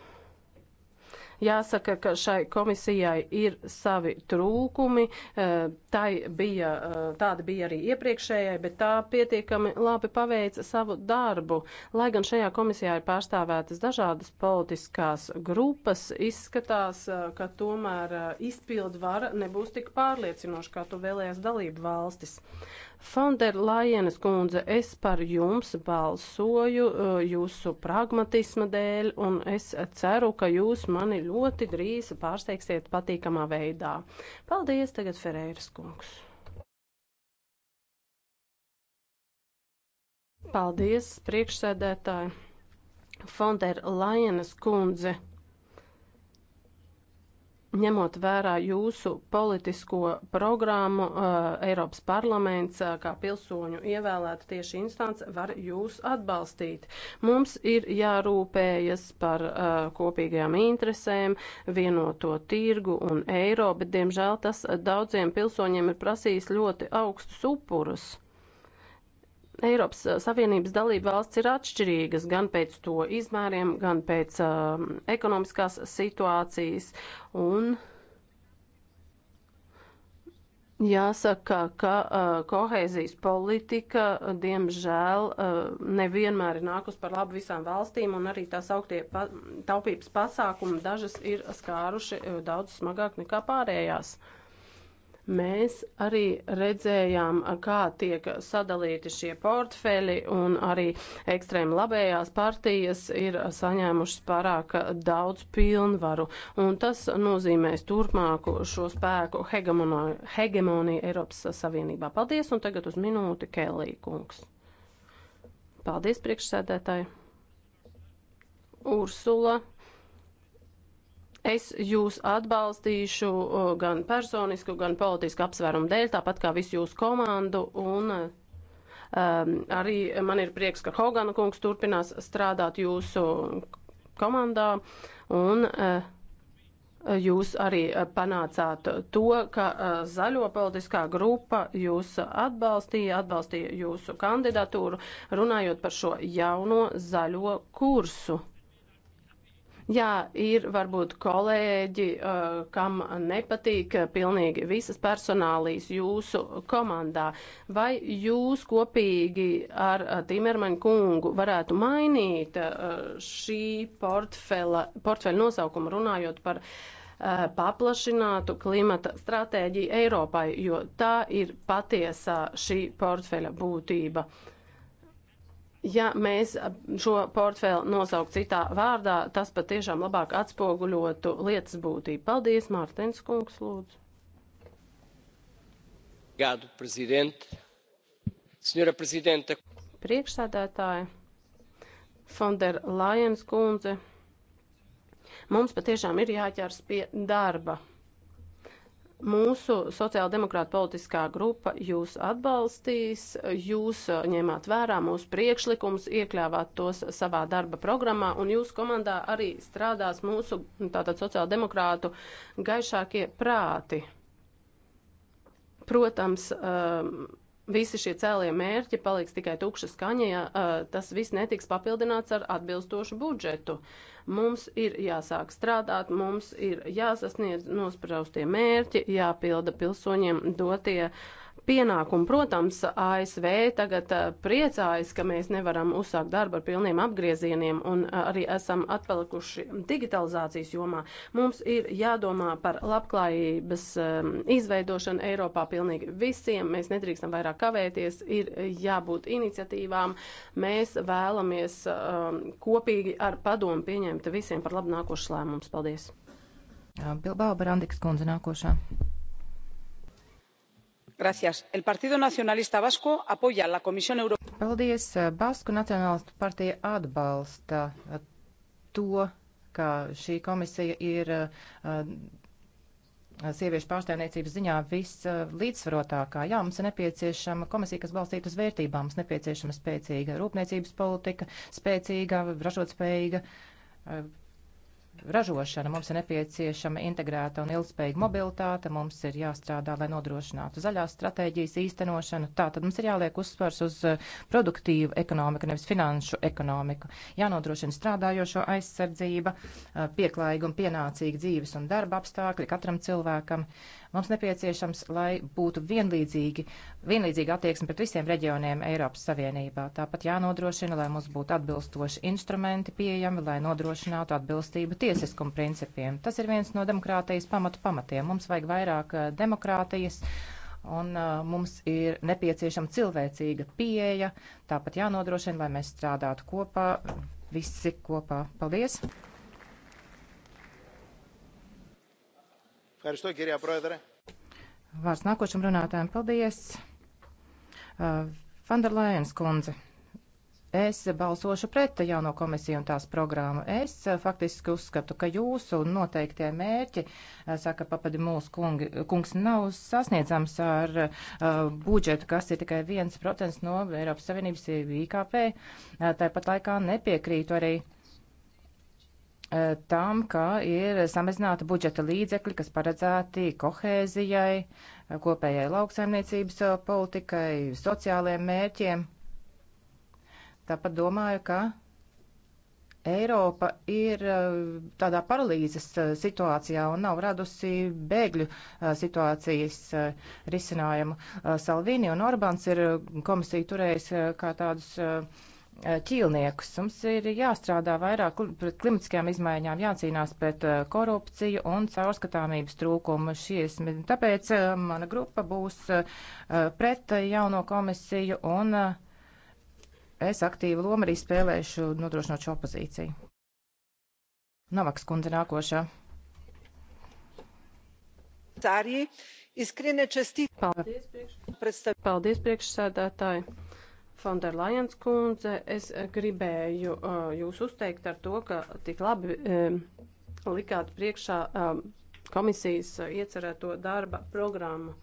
Jāsaka, ka šai komisijai ir savi trūkumi. Eh, tai bija, eh, tāda bija arī iepriekšējai, bet tā pietiekami labi paveica savu darbu. Lai gan šajā komisijā ir pārstāvētas dažādas politiskās grupas, izskatās, eh, ka tomēr izpildvara nebūs tik pārliecinoša, kā to vēlējās dalību valstis. Fonderlajenes kundze, es par jums balsoju uh, jūsu pragmatisma dēļ, un es ceru, ka jūs mani ļoti drīz pārsteigsiet patīkamā veidā. Paldies, tagad Ferēras kungs. Paldies, priekšsēdētāji. Fonderlajenes kundze ņemot vērā jūsu politisko programmu, eh, Eiropas parlaments, eh, kā pilsoņu ievēlēta tieši instance, var jūs atbalstīt. Mums ir jārūpējas par eh, kopīgajām interesēm, vienoto tirgu un eiro, bet, diemžēl, tas daudziem pilsoņiem ir prasījis ļoti augstus upurus. Eiropas eh, Savienības dalība valsts ir atšķirīgas gan pēc to izmēriem, gan pēc uh, ekonomiskās situācijas. Un jāsaka, ka uh, kohēzijas politika, diemžēl, uh, nevienmēr ir nākus par labu visām valstīm, un arī tās augtie pa taupības pasākumi dažas ir skāruši uh, daudz smagāk nekā pārējās. Uh, Mēs arī redzējām, kā tiek sadalīti šie portfeļi, un arī ekstrēma labējās partijas ir saņēmušas pārāk daudz pilnvaru, un tas nozīmēs turpmāku šo spēku hegemoniju Eiropas Savienībā. Paldies, un tagad uz minūti Kelī kungs. Paldies, priekšsēdētāji. Ursula Es jūs atbalstīšu uh, gan personisku, gan politisku apsvērumu dēļ, tāpat kā visu jūsu komandu. Un, uh, um, arī man ir prieks, ka Hogana kungs turpinās strādāt jūsu komandā. Un, uh, Jūs arī uh, panācāt to, ka zaļo politiskā grupa jūs atbalstīja, atbalstīja jūsu kandidatūru, runājot par šo jauno zaļo kursu. Jā, ir varbūt kolēģi, kam nepatīk pilnīgi visas personālijas jūsu komandā. Vai jūs kopīgi ar Timermaņu kungu varētu mainīt šī portfela, portfeļa nosaukumu runājot par paplašinātu klimata stratēģiju Eiropai, jo tā ir patiesā šī portfeļa būtība. Ja mēs šo portfeli nosaukt citā vārdā, tas patiešām labāk atspoguļotu lietas būtību. Paldies, Mārtiņš Kungs, lūdzu. Gādu prezidentu. Senjora prezidenta. Priekšsādātāja Fonderlajens kundze. Mums patiešām ir jāķers pie darba. Mūsu sociāldemokrāta politiskā grupa jūs atbalstīs, jūs uh, ņemāt vērā mūsu priekšlikumus, iekļāvāt tos savā darba programmā, un jūsu komandā arī strādās mūsu tātad sociāldemokrātu gaišākie prāti. Protams, um, visi šie cēlie mērķi paliks tikai tukša skaņa, ja uh, tas viss netiks papildināts ar atbilstošu budžetu. Mums ir jāsāk strādāt, mums ir jāsasniedz nospraustie mērķi, jāpilda pilsoņiem dotie pienākumu. Protams, ASV tagad uh, priecājas, ka mēs nevaram uzsākt darbu ar pilniem apgriezieniem un uh, arī esam atpalikuši digitalizācijas jomā. Mums ir jādomā par labklājības um, izveidošanu Eiropā pilnīgi visiem. Mēs nedrīkstam vairāk kavēties, ir jābūt iniciatīvām. Mēs vēlamies um, kopīgi ar padomu pieņemt visiem par labu nākošu lēmumus. Paldies! Bilbao Barandikas kundze nākošā. Gracias. El Partido Nacionalista Vasco apoya la Comisión Europea. Paldies. Eh, Basku Nacionālistu partija atbalsta eh, to, ka šī komisija ir eh, sieviešu pārstāvniecības ziņā vislīdzsvarotākā. Jā, mums ir nepieciešama komisija, kas balstīta uz vērtībām, mums nepieciešama spēcīga rūpniecības politika, spēcīga, ražotspējīga ražošana. Mums ir nepieciešama integrēta un ilgspējīga mobilitāte, mums ir jāstrādā, lai nodrošinātu zaļās stratēģijas īstenošanu. Tā tad mums ir jāliek uzsvars uz uh, produktīvu ekonomiku, nevis finanšu ekonomiku. Jānodrošina strādājošo aizsardzība, uh, pieklājīga un pienācīga dzīves un darba apstākļi katram cilvēkam. Mums nepieciešams, lai būtu vienlīdzīgi, vienlīdzīga attieksme pret visiem reģioniem Eiropas Savienībā. Tāpat jānodrošina, lai mums būtu atbilstoši instrumenti pieejami, lai nodrošinātu atbilstību tiesiskuma principiem. Tas ir viens no demokrātijas pamatu pamatiem. Mums vajag vairāk eh, demokrātijas un uh, mums ir nepieciešama cilvēcīga pieeja. Tāpat jānodrošina, lai mēs strādātu kopā, visi kopā. Paldies! Vārds nākošam runātājam. Paldies. Uh, Vanderlēns kundze. Es balsošu pret jauno komisiju un tās programmu. Es uh, faktiski uzskatu, ka jūsu noteiktie mērķi, uh, saka papadi mūsu kungi, kungs, nav sasniedzams ar uh, budžetu, kas ir tikai 1% no Eiropas Savienības IKP. Tāpat laikā nepiekrītu arī uh, tam, ka ir samazināta budžeta līdzekļi, kas paredzēti kohēzijai, kopējai lauksaimniecības eh, politikai, sociālajiem mērķiem. Tāpat domāju, ka Eiropa ir eh, tādā paralīzes eh, situācijā un nav radusi bēgļu situācijas risinājumu. Salvini un Orbāns ir komisiju turējis kā tādus Eh, ķīlniekus. Mums ir jāstrādā vairāk pret klimatiskajām izmaiņām, jācīnās pret eh, korupciju un caurskatāmības trūkumu šiesmi. Tāpēc eh, mana grupa būs pret jauno komisiju un es aktīvu lomu arī spēlēšu nodrošinot šo pozīciju. Navaks kundze nākošā. Paldies, priekš... Paldies priekšsēdētāji Fonderlajans kundze, es eh, gribēju uh, jūs uzteikt ar to, ka tik labi um, likāt priekšā um, komisijas iecerēto darba programmu.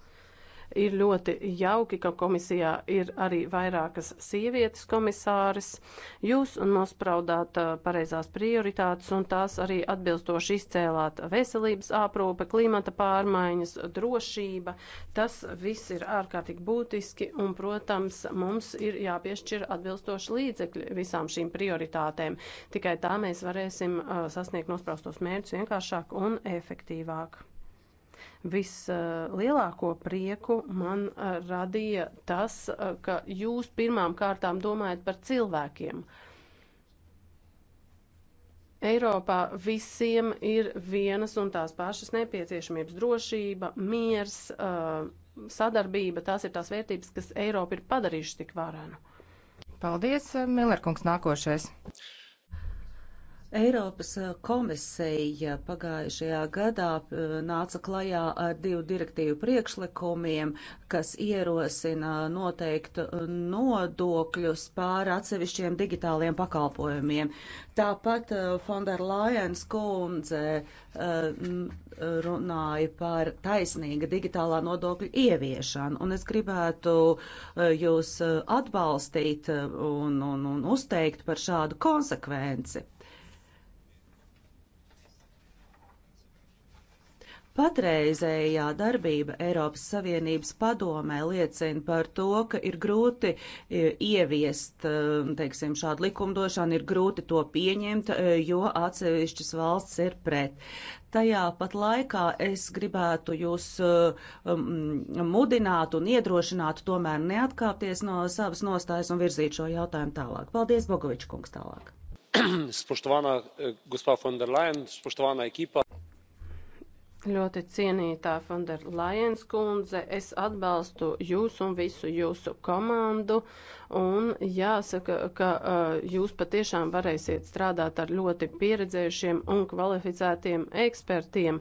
Ir ļoti jauki, ka komisijā ir arī vairākas sievietes komisāres. Jūs nospraudāt pareizās prioritātes un tās arī atbilstoši izcēlāt veselības aprūpe, klimata pārmaiņas, drošība. Tas viss ir ārkārtīgi būtiski un, protams, mums ir jāpiešķir atbilstoši līdzekļi visām šīm prioritātēm. Tikai tā mēs varēsim sasniegt nospraustos mērķus vienkāršāk un efektīvāk. Vislielāko prieku man eh, radīja tas, eh, ka jūs pirmām kārtām domājat par cilvēkiem. Eiropā visiem ir vienas un tās pašas nepieciešamības - drošība, miers, eh, sadarbība. Tās ir tās vērtības, kas Eiropu ir padarījušas tik varenu. Paldies, Millerkungs, nākošais. Eiropas eh, komisija pagājušajā gadā eh, nāca klajā ar divu direktīvu priekšlikumiem, kas ierosina noteiktu eh, nodokļus pār atsevišķiem digitāliem pakalpojumiem. Tāpat Fonderlajens kundze runāja par taisnīga digitālā nodokļa ieviešanu, un es gribētu jūs atbalstīt un, un, un uzteikt par šādu konsekvenci. Patreizējā darbība Eiropas Savienības padomē liecina par to, ka ir grūti e, ieviest, e, teiksim, šādu likumdošanu, ir grūti to pieņemt, e, jo atsevišķas valsts ir pret. Tajā pat laikā es gribētu jūs mudināt un iedrošināt tomēr neatkāpties no savas nostājas un virzīt šo jautājumu tālāk. Paldies, Bogovičs kungs, tālāk. spoštovana gospa von der Leyen, spoštovana ekipa. Ļoti cienītā Fonder Lajens kundze, es atbalstu jūs un visu jūsu komandu un jāsaka, ka uh, jūs patiešām varēsiet strādāt ar ļoti pieredzējušiem un kvalificētiem ekspertiem.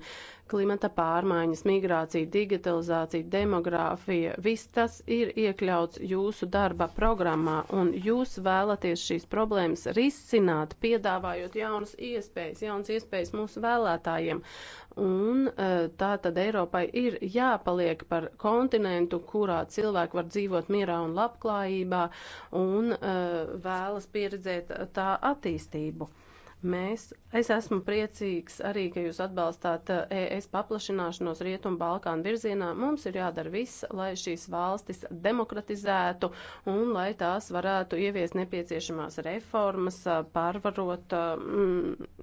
Klimata pārmaiņas, migrācija, digitalizācija, demogrāfija, viss tas ir iekļauts jūsu darba programmā un jūs vēlaties šīs problēmas risināt, piedāvājot jaunas iespējas, jaunas iespējas mūsu vēlētājiem. Un e, tā tad Eiropai ir jāpaliek par kontinentu, kurā cilvēki var dzīvot mierā un labklājībā un e, vēlas pieredzēt tā attīstību. Mēs, es esmu priecīgs arī, ka jūs atbalstāt e, ES paplašināšanos Rietumu Balkānu virzienā. Mums ir jādara viss, lai šīs valstis demokratizētu un lai tās varētu ieviest nepieciešamās reformas, pārvarot mm,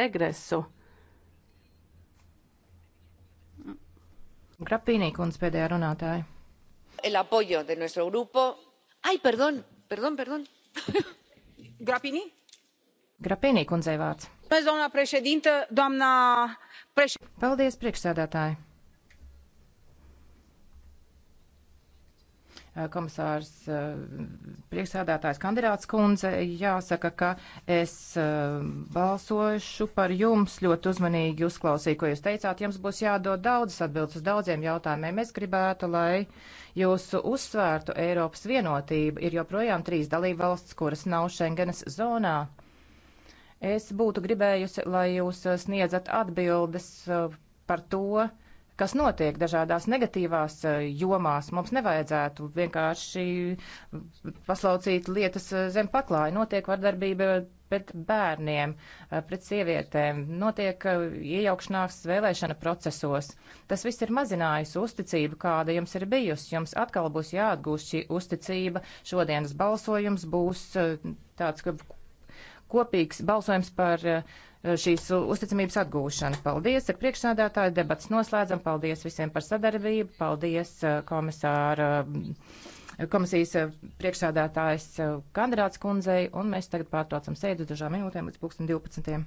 regresu. Grapīnī kundze pēdējā runātāja. El apoyo de nuestro grupo. Ai, perdon, perdon, perdon. Grapīnī? Grapīnī kundzei vārds. Paldies, doamna președintă, doamna președintă. Paldies, priekšsēdētāji. Eh, komisārs eh, priekšsādātājs kandidāts kundze, jāsaka, ka es eh, balsošu par jums, ļoti uzmanīgi uzklausīju, ko jūs teicāt, jums būs jādod daudzas atbildes uz daudziem jautājumiem. Es gribētu, lai jūsu uzsvērtu Eiropas vienotību ir joprojām trīs dalība valsts, kuras nav Schengenas zonā. Es būtu gribējusi, lai jūs sniedzat atbildes par to, uh, kas notiek dažādās negatīvās eh, jomās. Mums nevajadzētu vienkārši paslaucīt lietas eh, zem paklāja. Notiek vardarbība pret bērniem, eh, pret sievietēm, notiek iejaukšanās vēlēšana procesos. Tas viss ir mazinājis uzticību, kāda jums ir bijusi. Jums atkal būs jāatgūst šī uzticība. Šodienas balsojums būs tāds, ka kopīgs balsojums par eh, šīs uzticamības atgūšanu. Paldies, ar priekšsādātāju debats noslēdzam. Paldies visiem par sadarbību. Paldies eh, komisāra, eh, komisijas priekšsādātājs kandidāts kundzei. Un mēs tagad pārtraucam sēdu dažām minūtēm līdz 2012.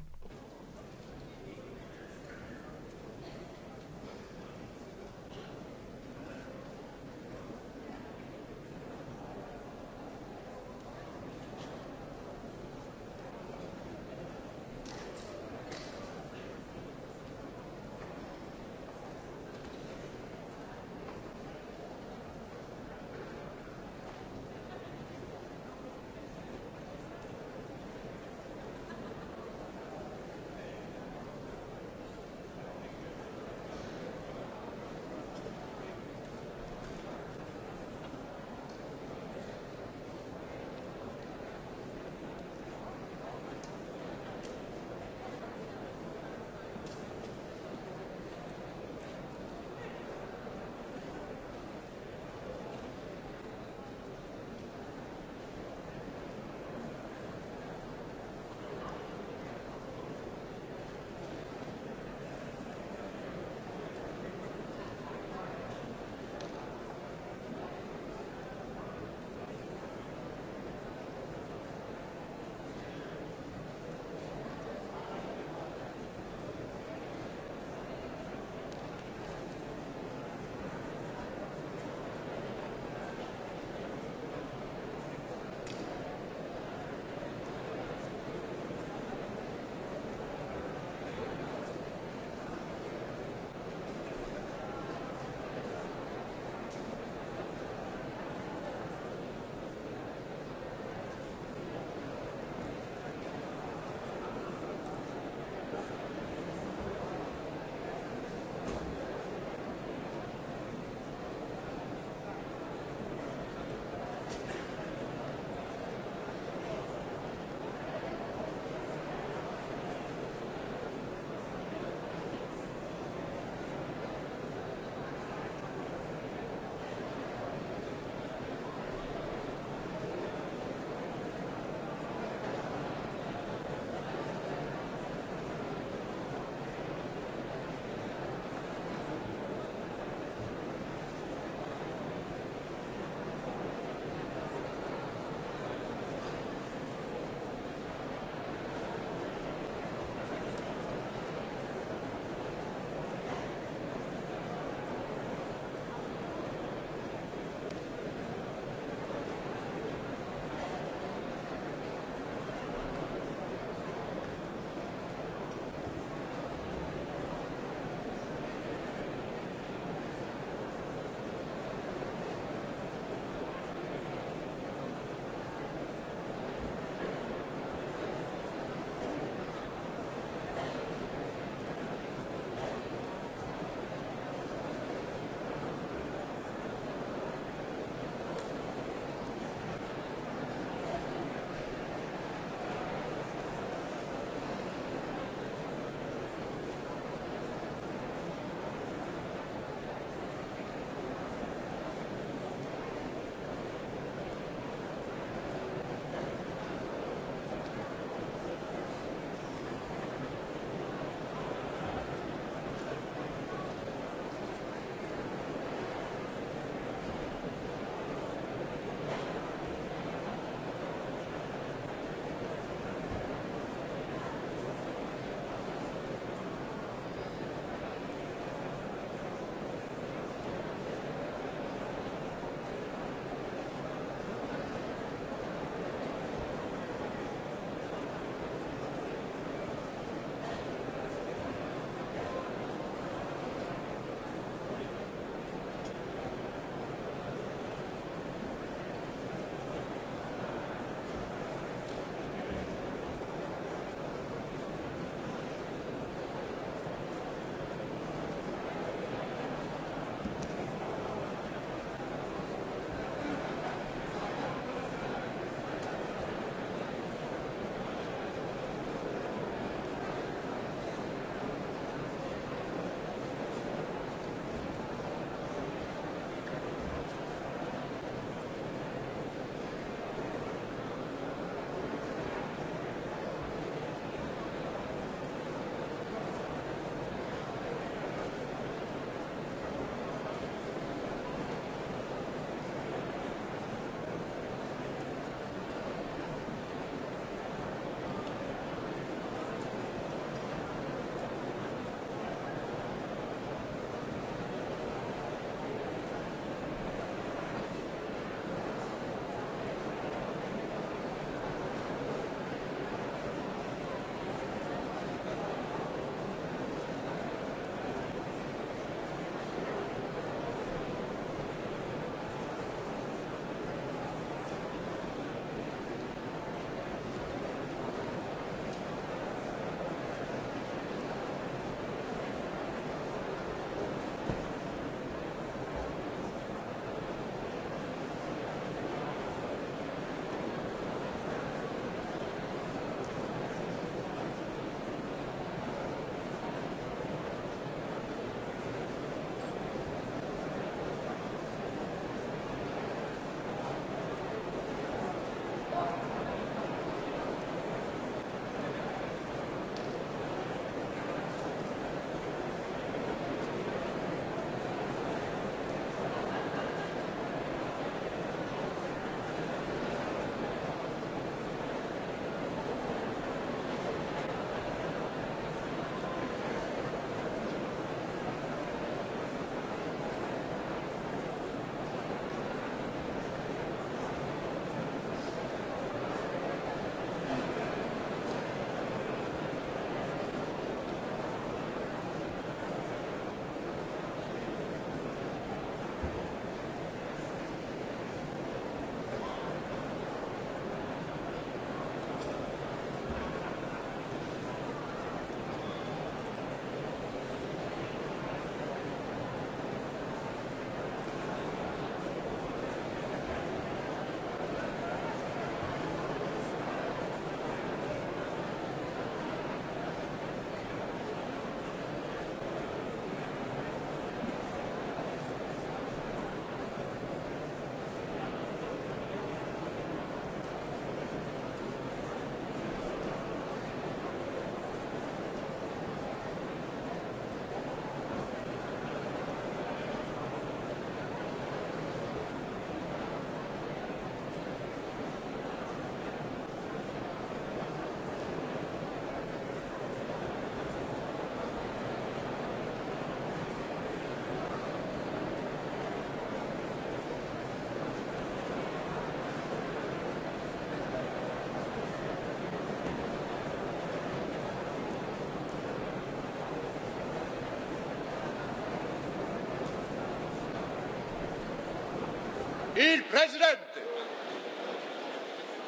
Presidente!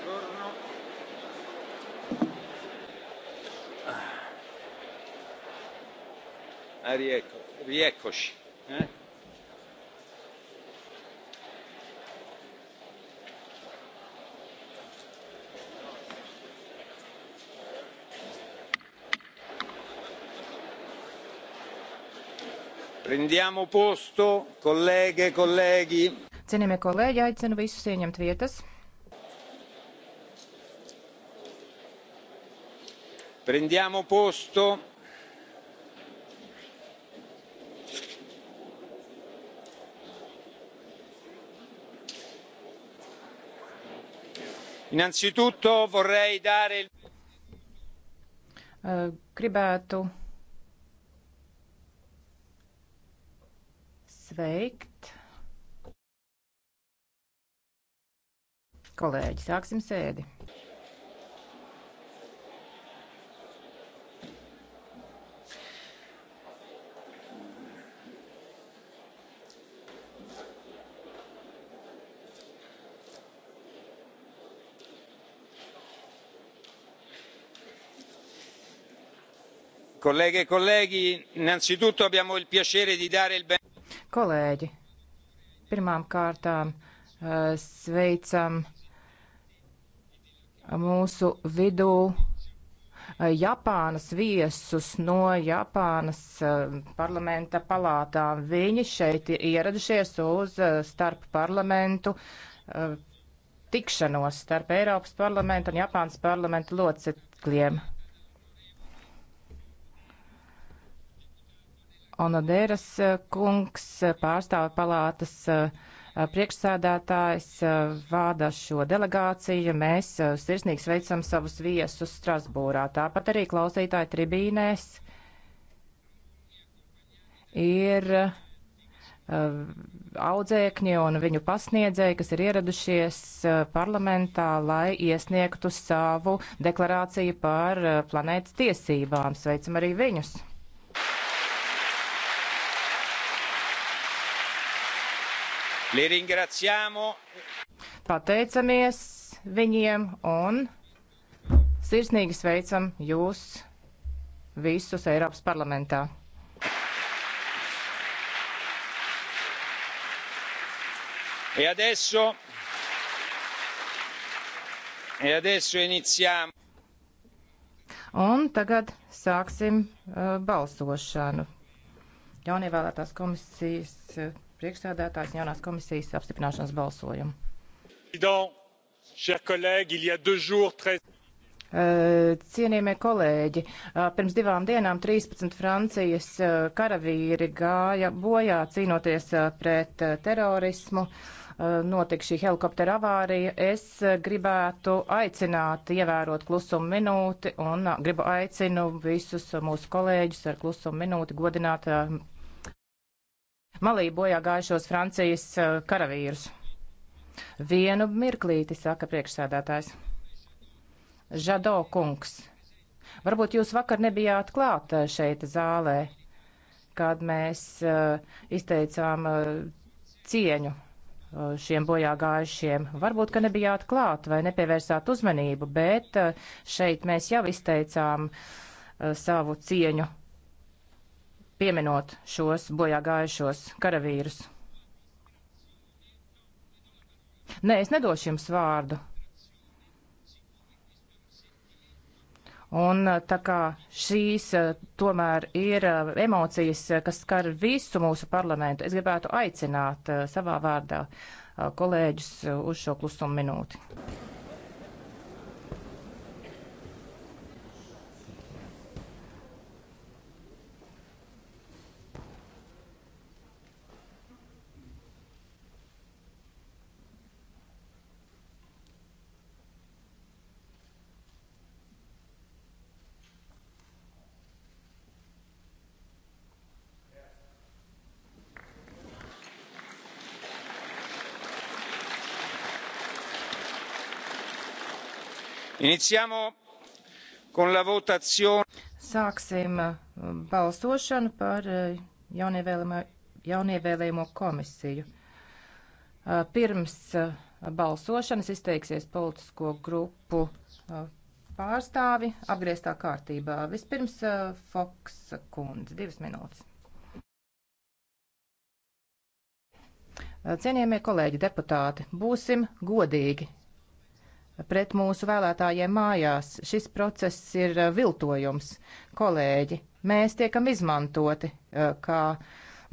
Buongiorno. Ah, riecco, rieccoci. Eh? Prendiamo posto, colleghe e colleghi. Cienījamie kolēģi, aicinu visus ieņemt vietas. Prendiamo posto. Innanzitutto vorrei dare eh, Gribētu sveikt Kolēģi, sāksim sēdi. Colleghe e colleghi, innanzitutto abbiamo il piacere di dare il benvenuto. Kolēģi, pirmām kārtām eh, sveicam mūsu vidū eh, Japānas viesus no Japānas eh, parlamenta palātām. Viņi šeit ieradušies uz eh, starp parlamentu tikšanos starp Eiropas parlamentu un Japānas parlamentu locekļiem. Onodēras kungs pārstāv palātas uh, Eh, priekšsēdētājs eh, vāda šo delegāciju. Mēs eh, sirsnīgi sveicam savus viesus Strasbūrā. Tāpat arī klausītāji tribīnēs ir audzēkņi un viņu pasniedzēji, kas ir ieradušies parlamentā, lai iesniegtu savu deklarāciju par planētas tiesībām. Sveicam arī viņus! Pateicamies viņiem un sirsnīgi sveicam jūs visus Eiropas parlamentā. E adesso, e adesso iniziamo. Un tagad sāksim uh, balsošanu. Jaunievēlētās komisijas uh, priekšsēdētājs jaunās komisijas apstiprināšanas balsojumu. Eh, cienījamie kolēģi, eh, pirms divām dienām 13 Francijas eh, karavīri gāja bojā cīnoties pret terorismu notika šī helikoptera avārija, es gribētu aicināt ievērot klusumu minūti un gribu aicinu visus mūsu kolēģus ar klusumu minūti godināt malī bojā gājušos Francijas eh, karavīrus. Vienu mirklīti, saka priekšsēdētājs. Žado kungs, varbūt jūs vakar nebijāt klāt eh, šeit zālē, kad mēs eh, izteicām cieņu šiem bojā gājušiem. Varbūt, ka nebijāt klāt vai nepievērsāt uzmanību, bet šeit mēs jau izteicām savu cieņu pieminot šos bojā gājušos karavīrus. Nē, es nedošu jums vārdu. Un eh, tā kā šīs eh, tomēr ir eh, emocijas, kas skar visu mūsu parlamentu, es gribētu aicināt savā vārdā kolēģus uz šo klusumu minūti. Iniciamo con la votazione. Sāksim uh, balsošanu par uh, jaunievēlējumu komisiju. Uh, pirms balsošanas izteiksies politisko grupu pārstāvi apgrieztā kārtībā. Vispirms Foks kundze, divas minūtes. Cienījamie kolēģi deputāti, būsim godīgi pret mūsu vēlētājiem mājās. Šis process ir viltojums. Kolēģi, mēs tiekam izmantoti kā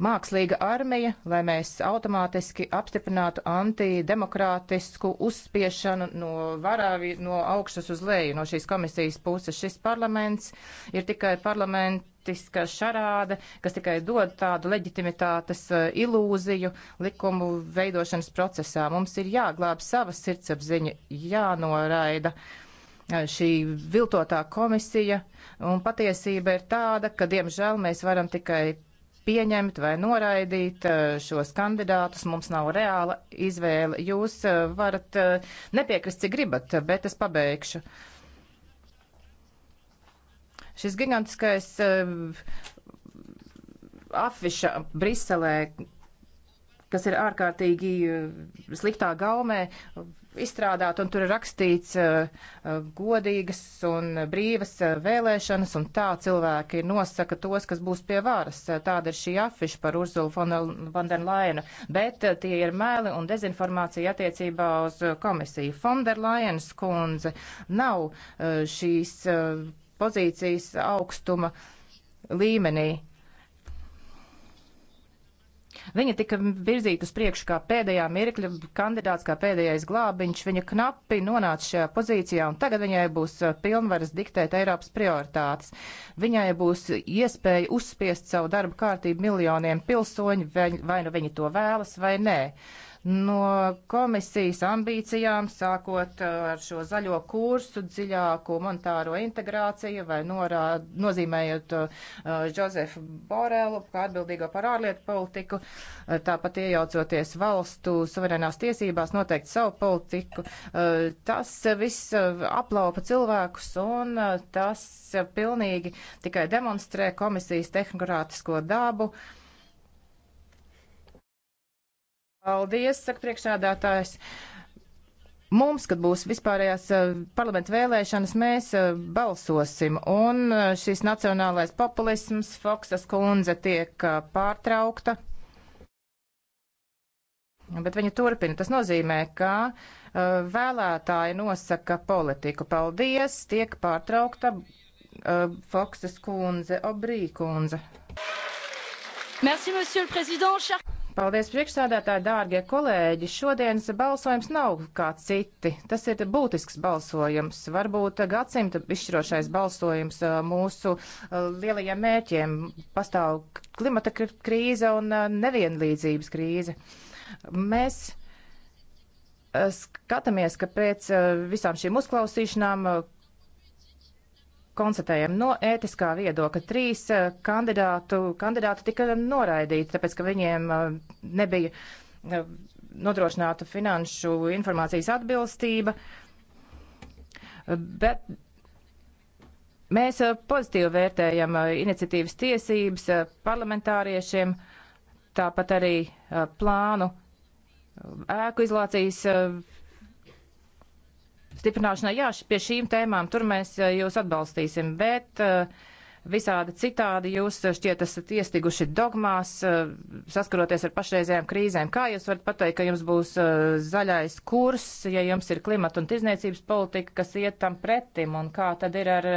mākslīga armija, lai mēs automātiski apstiprinātu antidemokrātisku uzspiešanu no varā, no augšas uz leju, no šīs komisijas puses. Šis parlaments ir tikai parlament politiska šarāde, kas tikai dod tādu leģitimitātes eh, ilūziju likumu veidošanas procesā. Mums ir jāglāb sava sirdsapziņa, jānoraida eh, šī viltotā komisija, un patiesība ir tāda, ka, diemžēl, mēs varam tikai pieņemt vai noraidīt eh, šos kandidātus. Mums nav reāla izvēle. Jūs varat nepiekrist, cik gribat, bet es pabeigšu. Uh, Šis gigantiskais eh, afiša Briselē, kas ir ārkārtīgi eh, sliktā gaumē, izstrādāt, un tur ir rakstīts eh, godīgas un brīvas vēlēšanas, un tā cilvēki nosaka tos, kas būs pie varas. Tāda ir šī afiša par Urzulu Fonderlainu, bet tie ir mēli un dezinformācija attiecībā uz komisiju. Fonderlainas kundze nav šīs pozīcijas augstuma līmenī. Viņa tika virzīta uz priekšu kā pēdējā mirkļa kandidāts, kā pēdējais glābiņš. Viņa knapi nonāca šajā pozīcijā, un tagad viņai būs uh, pilnvaras diktēt Eiropas prioritātes. Viņai būs iespēja uzspiest savu darbu kārtību miljoniem pilsoņu, vai nu viņi to vēlas vai nē. Uh, no komisijas ambīcijām, sākot uh, ar šo zaļo kursu, dziļāku monetāro integrāciju vai norād, nozīmējot uh, Džozefu Borelu kā atbildīgo par ārlietu politiku, uh, tāpat iejaucoties valstu suverēnās tiesībās, noteikt savu politiku. Uh, tas viss uh, aplaupa cilvēkus un uh, tas pilnīgi tikai demonstrē komisijas tehnokrātisko dabu. Uh, Paldies, saka priekšsādātājs. Mums, kad būs vispārējās eh, parlamenta vēlēšanas, mēs eh, balsosim, un eh, šis nacionālais populisms Foksas kundze tiek pārtraukta. Bet viņa turpina. Tas nozīmē, ka uh, vēlētāji nosaka politiku. Paldies, tiek pārtraukta uh, Foksas kundze, Obrī kundze. Merci, Paldies, priekšsādātāji, dārgie kolēģi! Šodienas balsojums nav kā citi. Tas ir būtisks balsojums, varbūt gadsimta izšķirošais balsojums eh, mūsu eh, lielajiem mērķiem. Pastāv klimata krīze un eh, nevienlīdzības krīze. Mēs skatāmies, ka pēc visām šīm uzklausīšanām konstatējam no ētiskā viedokļa. Trīs eh, kandidātu, kandidāti tika noraidīti, tāpēc ka viņiem eh, nebija eh, nodrošināta finanšu informācijas atbilstība. Bet mēs pozitīvi vērtējam iniciatīvas tiesības parlamentāriešiem, tāpat arī plānu ēku izolācijas stiprināšanai. Jā, pie šīm tēmām tur mēs eh, jūs atbalstīsim, bet eh, visādi citādi jūs eh, šķiet esat iestiguši dogmās, saskaroties ar pašreizējām krīzēm. Kā jūs varat pateikt, ka jums būs zaļais kurs, ja jums ir klimata un tirzniecības politika, kas iet tam pretim, un kā tad ir ar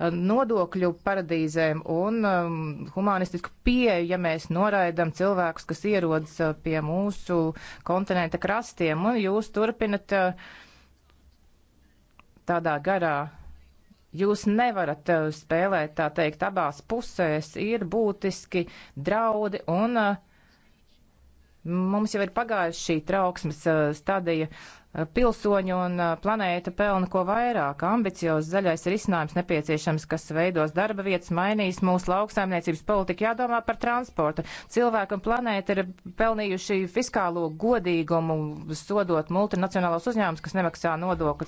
nodokļu paradīzēm un um, humanistisku pieeju, ja mēs noraidam cilvēkus, kas ierodas pie mūsu kontinenta krastiem, un jūs turpinat uh, tādā garā. Jūs nevarat eh, spēlēt, tā teikt, abās pusēs ir būtiski draudi un eh, mums jau ir pagājusi šī trauksmes eh, stadija. Pilsoņu un planēta pelna ko vairāk. Ambiciozs zaļais risinājums nepieciešams, kas veidos darba vietas, mainīs mūsu lauksaimniecības politiku. Jādomā par transportu. Cilvēku un planēta ir pelnījuši fiskālo godīgumu, sodot multinacionālos uzņēmumus, kas nemaksā nodokļus.